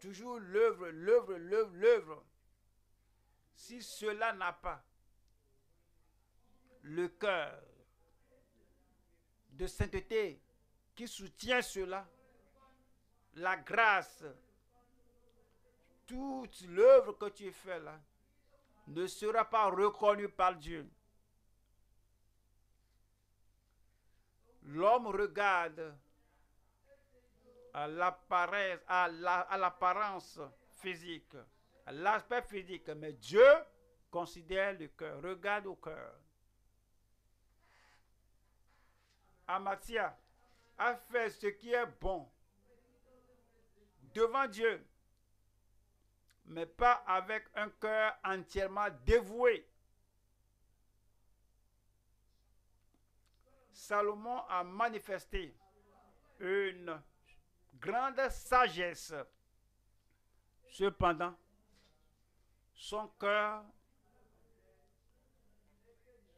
Speaker 1: Toujours l'œuvre, l'œuvre, l'œuvre, l'œuvre. Si cela n'a pas le cœur de sainteté qui soutient cela, la grâce, toute l'œuvre que tu fais là ne sera pas reconnue par Dieu. L'homme regarde à l'apparence physique, à l'aspect physique, mais Dieu considère le cœur, regarde au cœur. Amatia a fait ce qui est bon devant Dieu, mais pas avec un cœur entièrement dévoué. Salomon a manifesté une grande sagesse. Cependant, son cœur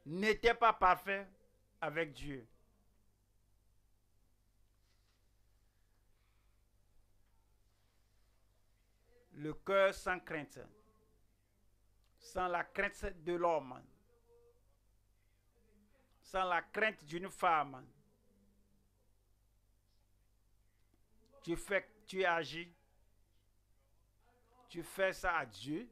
Speaker 1: n'était pas parfait avec Dieu. Le cœur sans crainte, sans la crainte de l'homme, sans la crainte d'une femme, tu fais, tu agis, tu fais ça à Dieu,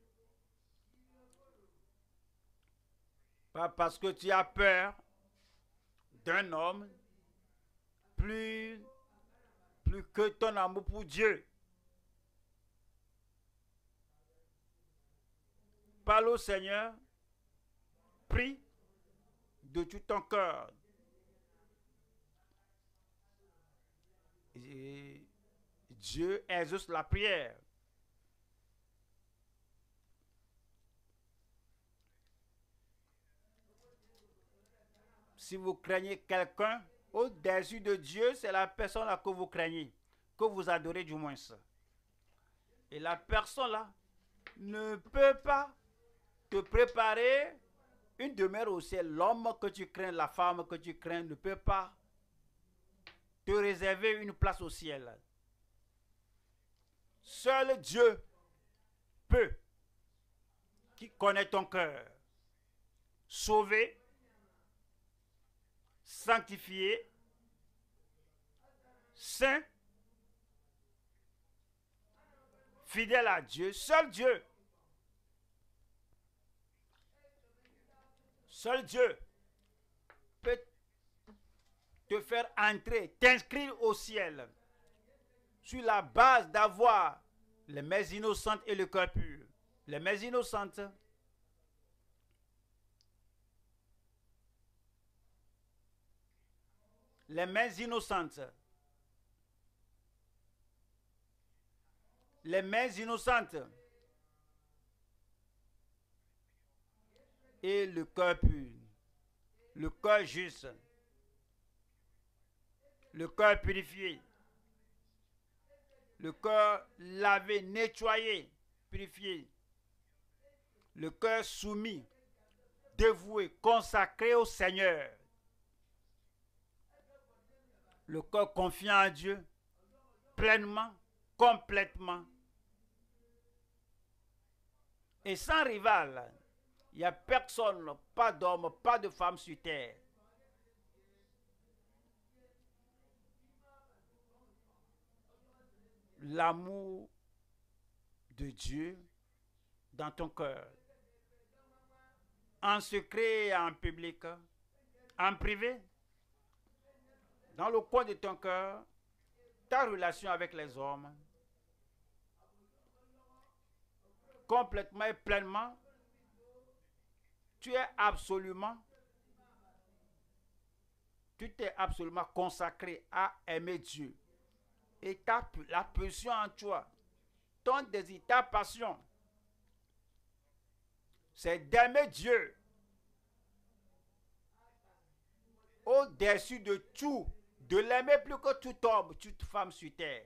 Speaker 1: pas parce que tu as peur d'un homme, plus, plus que ton amour pour Dieu. Parle au Seigneur, prie de tout ton cœur. Et Dieu est juste la prière. Si vous craignez quelqu'un au-dessus de Dieu, c'est la personne là que vous craignez, que vous adorez du moins. Et la personne là ne peut pas te préparer une demeure au ciel. L'homme que tu crains, la femme que tu crains ne peut pas te réserver une place au ciel. Seul Dieu peut, qui connaît ton cœur, sauver, sanctifier, saint, fidèle à Dieu, seul Dieu. Seul Dieu peut te faire entrer, t'inscrire au ciel sur la base d'avoir les mains innocentes et le cœur pur. Les mains innocentes. Les mains innocentes. Les mains innocentes. Et le cœur pur. Le cœur juste. Le cœur purifié. Le cœur lavé, nettoyé, purifié. Le cœur soumis, dévoué, consacré au Seigneur. Le cœur confiant à Dieu pleinement, complètement. Et sans rival, il n'y a personne, pas d'homme, pas de femme sur terre l'amour de Dieu dans ton cœur. En secret et en public, en privé, dans le coin de ton cœur, ta relation avec les hommes, complètement et pleinement, tu es absolument, tu t'es absolument consacré à aimer Dieu et la pression en toi. Ton désir, ta passion, c'est d'aimer Dieu au-dessus de tout, de l'aimer plus que tout homme, toute femme sur terre.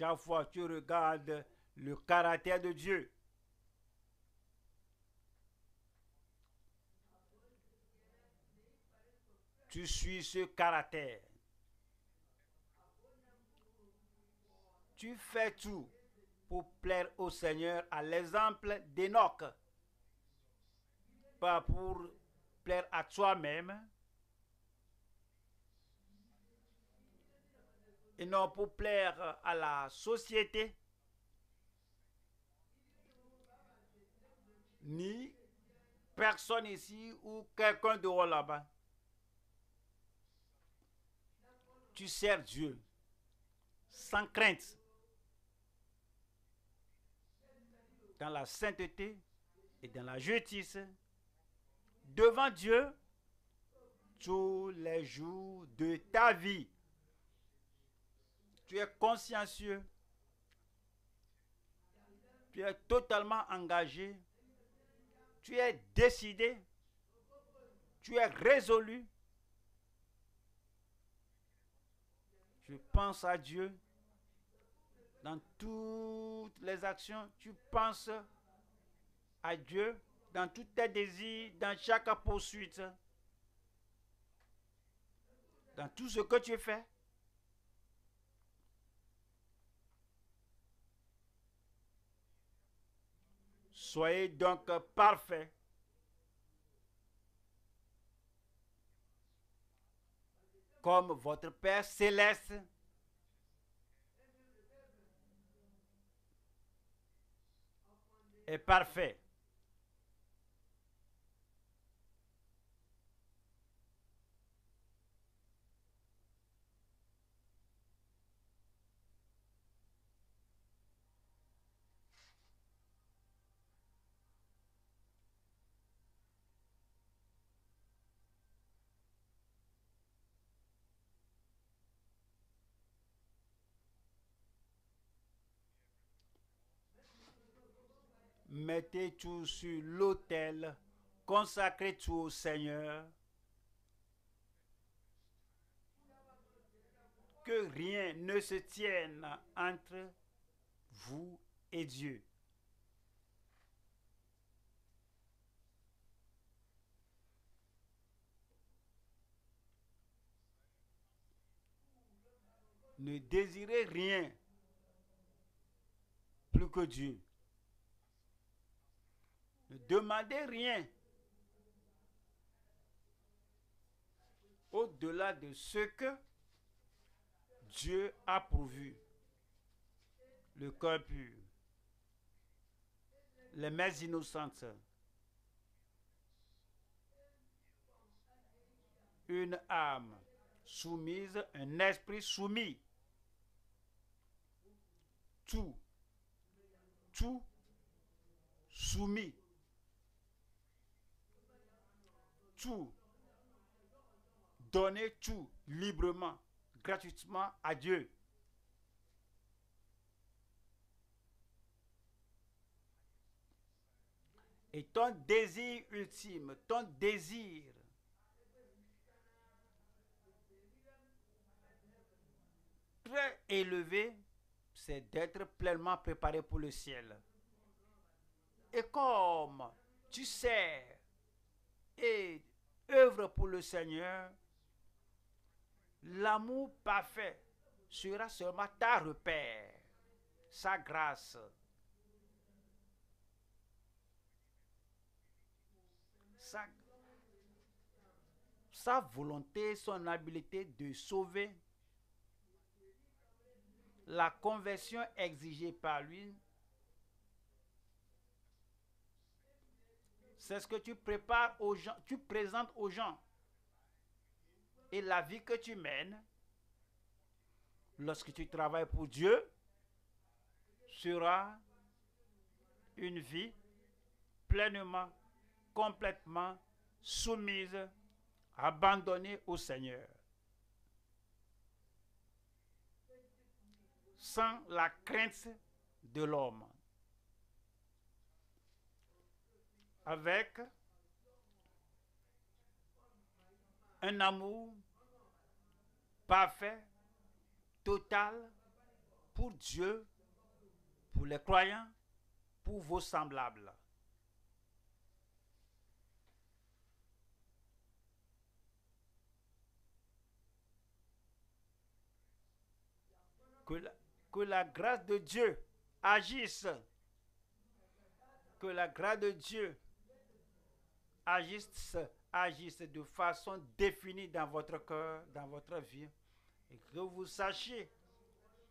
Speaker 1: Chaque fois tu regardes le caractère de Dieu, tu suis ce caractère. Tu fais tout pour plaire au Seigneur à l'exemple d'Enoch, pas pour plaire à toi-même, et non pour plaire à la société, ni personne ici ou quelqu'un dehors là-bas. Tu sers Dieu sans crainte, dans la sainteté et dans la justice, devant Dieu tous les jours de ta vie. Tu es consciencieux. Tu es totalement engagé. Tu es décidé. Tu es résolu. Tu penses à Dieu dans toutes les actions. Tu penses à Dieu dans tous tes désirs, dans chaque poursuite, dans tout ce que tu fais. Soyez donc parfait, Comme votre Père céleste est parfait. mettez tout sur l'autel, consacrez tout au Seigneur. Que rien ne se tienne entre vous et Dieu. Ne désirez rien plus que Dieu. Ne demandez rien au-delà de ce que Dieu a pourvu. Le cœur pur, les mains innocentes, une âme soumise, un esprit soumis. Tout, tout soumis tout, donner tout librement, gratuitement à Dieu. Et ton désir ultime, ton désir très élevé, c'est d'être pleinement préparé pour le ciel. Et comme tu sais et œuvre pour le Seigneur, l'amour parfait sera seulement ta repère, sa grâce. Sa, volonté, son habileté de sauver, la conversion exigée par lui C'est ce que tu prépares aux gens, tu présentes aux gens. Et la vie que tu mènes, lorsque tu travailles pour Dieu, sera une vie pleinement, complètement soumise, abandonnée au Seigneur. Sans la crainte de l'homme. avec un amour parfait, total pour Dieu, pour les croyants, pour vos semblables. Que la, que la grâce de Dieu agisse. Que la grâce de Dieu agissent, de façon définie dans votre cœur, dans votre vie. Et que vous sachiez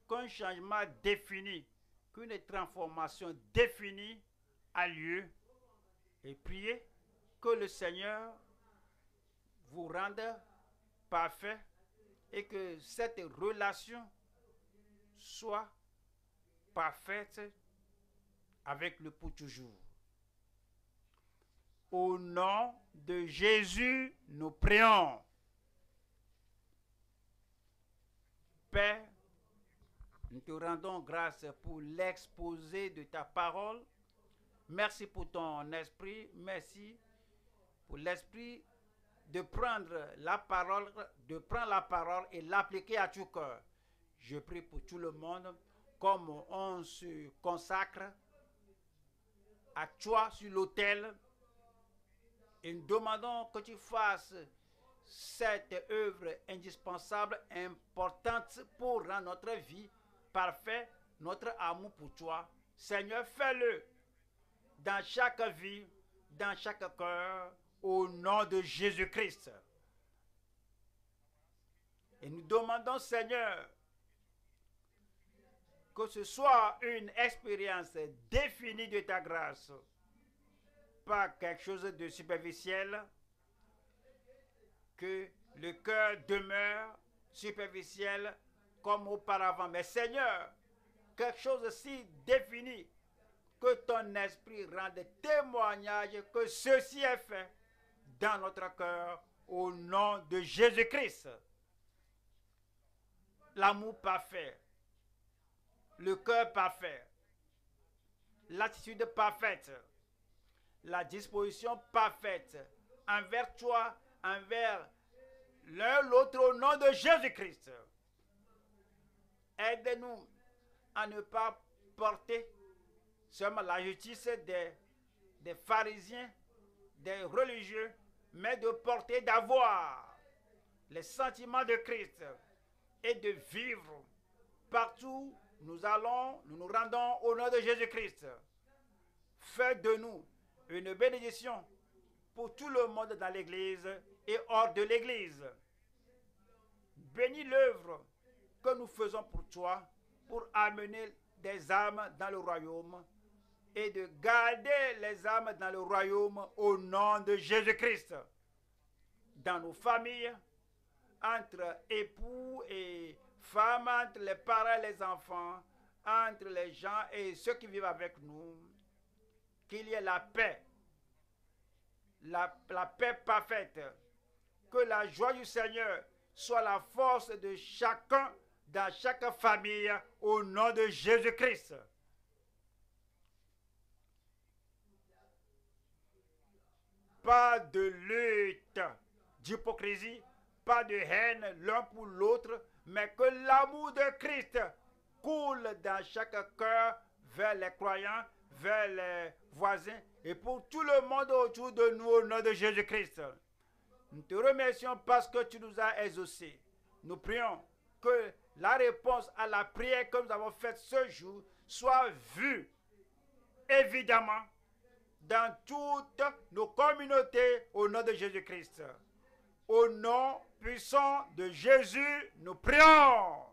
Speaker 1: qu'un changement défini, qu'une transformation définie a lieu. Et priez que le Seigneur vous rende parfait et que cette relation soit parfaite avec le pour toujours. Au nom de Jésus, nous prions. Père, nous te rendons grâce pour l'exposé de ta parole. Merci pour ton esprit. Merci pour l'esprit de prendre la parole, de prendre la parole et l'appliquer à tout cœur. Je prie pour tout le monde, comme on se consacre à toi sur l'autel et nous demandons que tu fasses cette œuvre indispensable, importante pour rendre notre vie parfaite, notre amour pour toi. Seigneur, fais-le dans chaque vie, dans chaque cœur, au nom de Jésus-Christ. Et nous demandons, Seigneur, que ce soit une expérience définie de ta grâce pas quelque chose de superficiel, que le cœur demeure superficiel comme auparavant. Mais Seigneur, quelque chose si défini, que ton esprit rende témoignage que ceci est fait dans notre cœur au nom de Jésus-Christ. L'amour parfait, le cœur parfait, l'attitude parfaite, la disposition parfaite envers toi, envers l'un l'autre au nom de Jésus-Christ. Aide-nous à ne pas porter seulement la justice des, des pharisiens, des religieux, mais de porter, d'avoir les sentiments de Christ et de vivre partout nous allons, nous nous rendons au nom de Jésus-Christ. Fais de nous une bénédiction pour tout le monde dans l'Église et hors de l'Église. Bénis l'œuvre que nous faisons pour toi, pour amener des âmes dans le royaume et de garder les âmes dans le royaume au nom de Jésus-Christ. Dans nos familles, entre époux et femmes, entre les parents et les enfants, entre les gens et ceux qui vivent avec nous, qu'il y ait la paix, la, paix parfaite. Que la joie du Seigneur soit la force de chacun dans chaque famille au nom de Jésus-Christ. Pas de lutte, d'hypocrisie, pas de haine l'un pour l'autre, mais que l'amour de Christ coule dans chaque cœur vers les croyants vers les voisins et pour tout le monde autour de nous au nom de Jésus-Christ. Nous te remercions parce que tu nous as exaucés. Nous prions que la réponse à la prière que nous avons faite ce jour soit vue, évidemment, dans toutes nos communautés au nom de Jésus-Christ. Au nom puissant de Jésus, nous prions.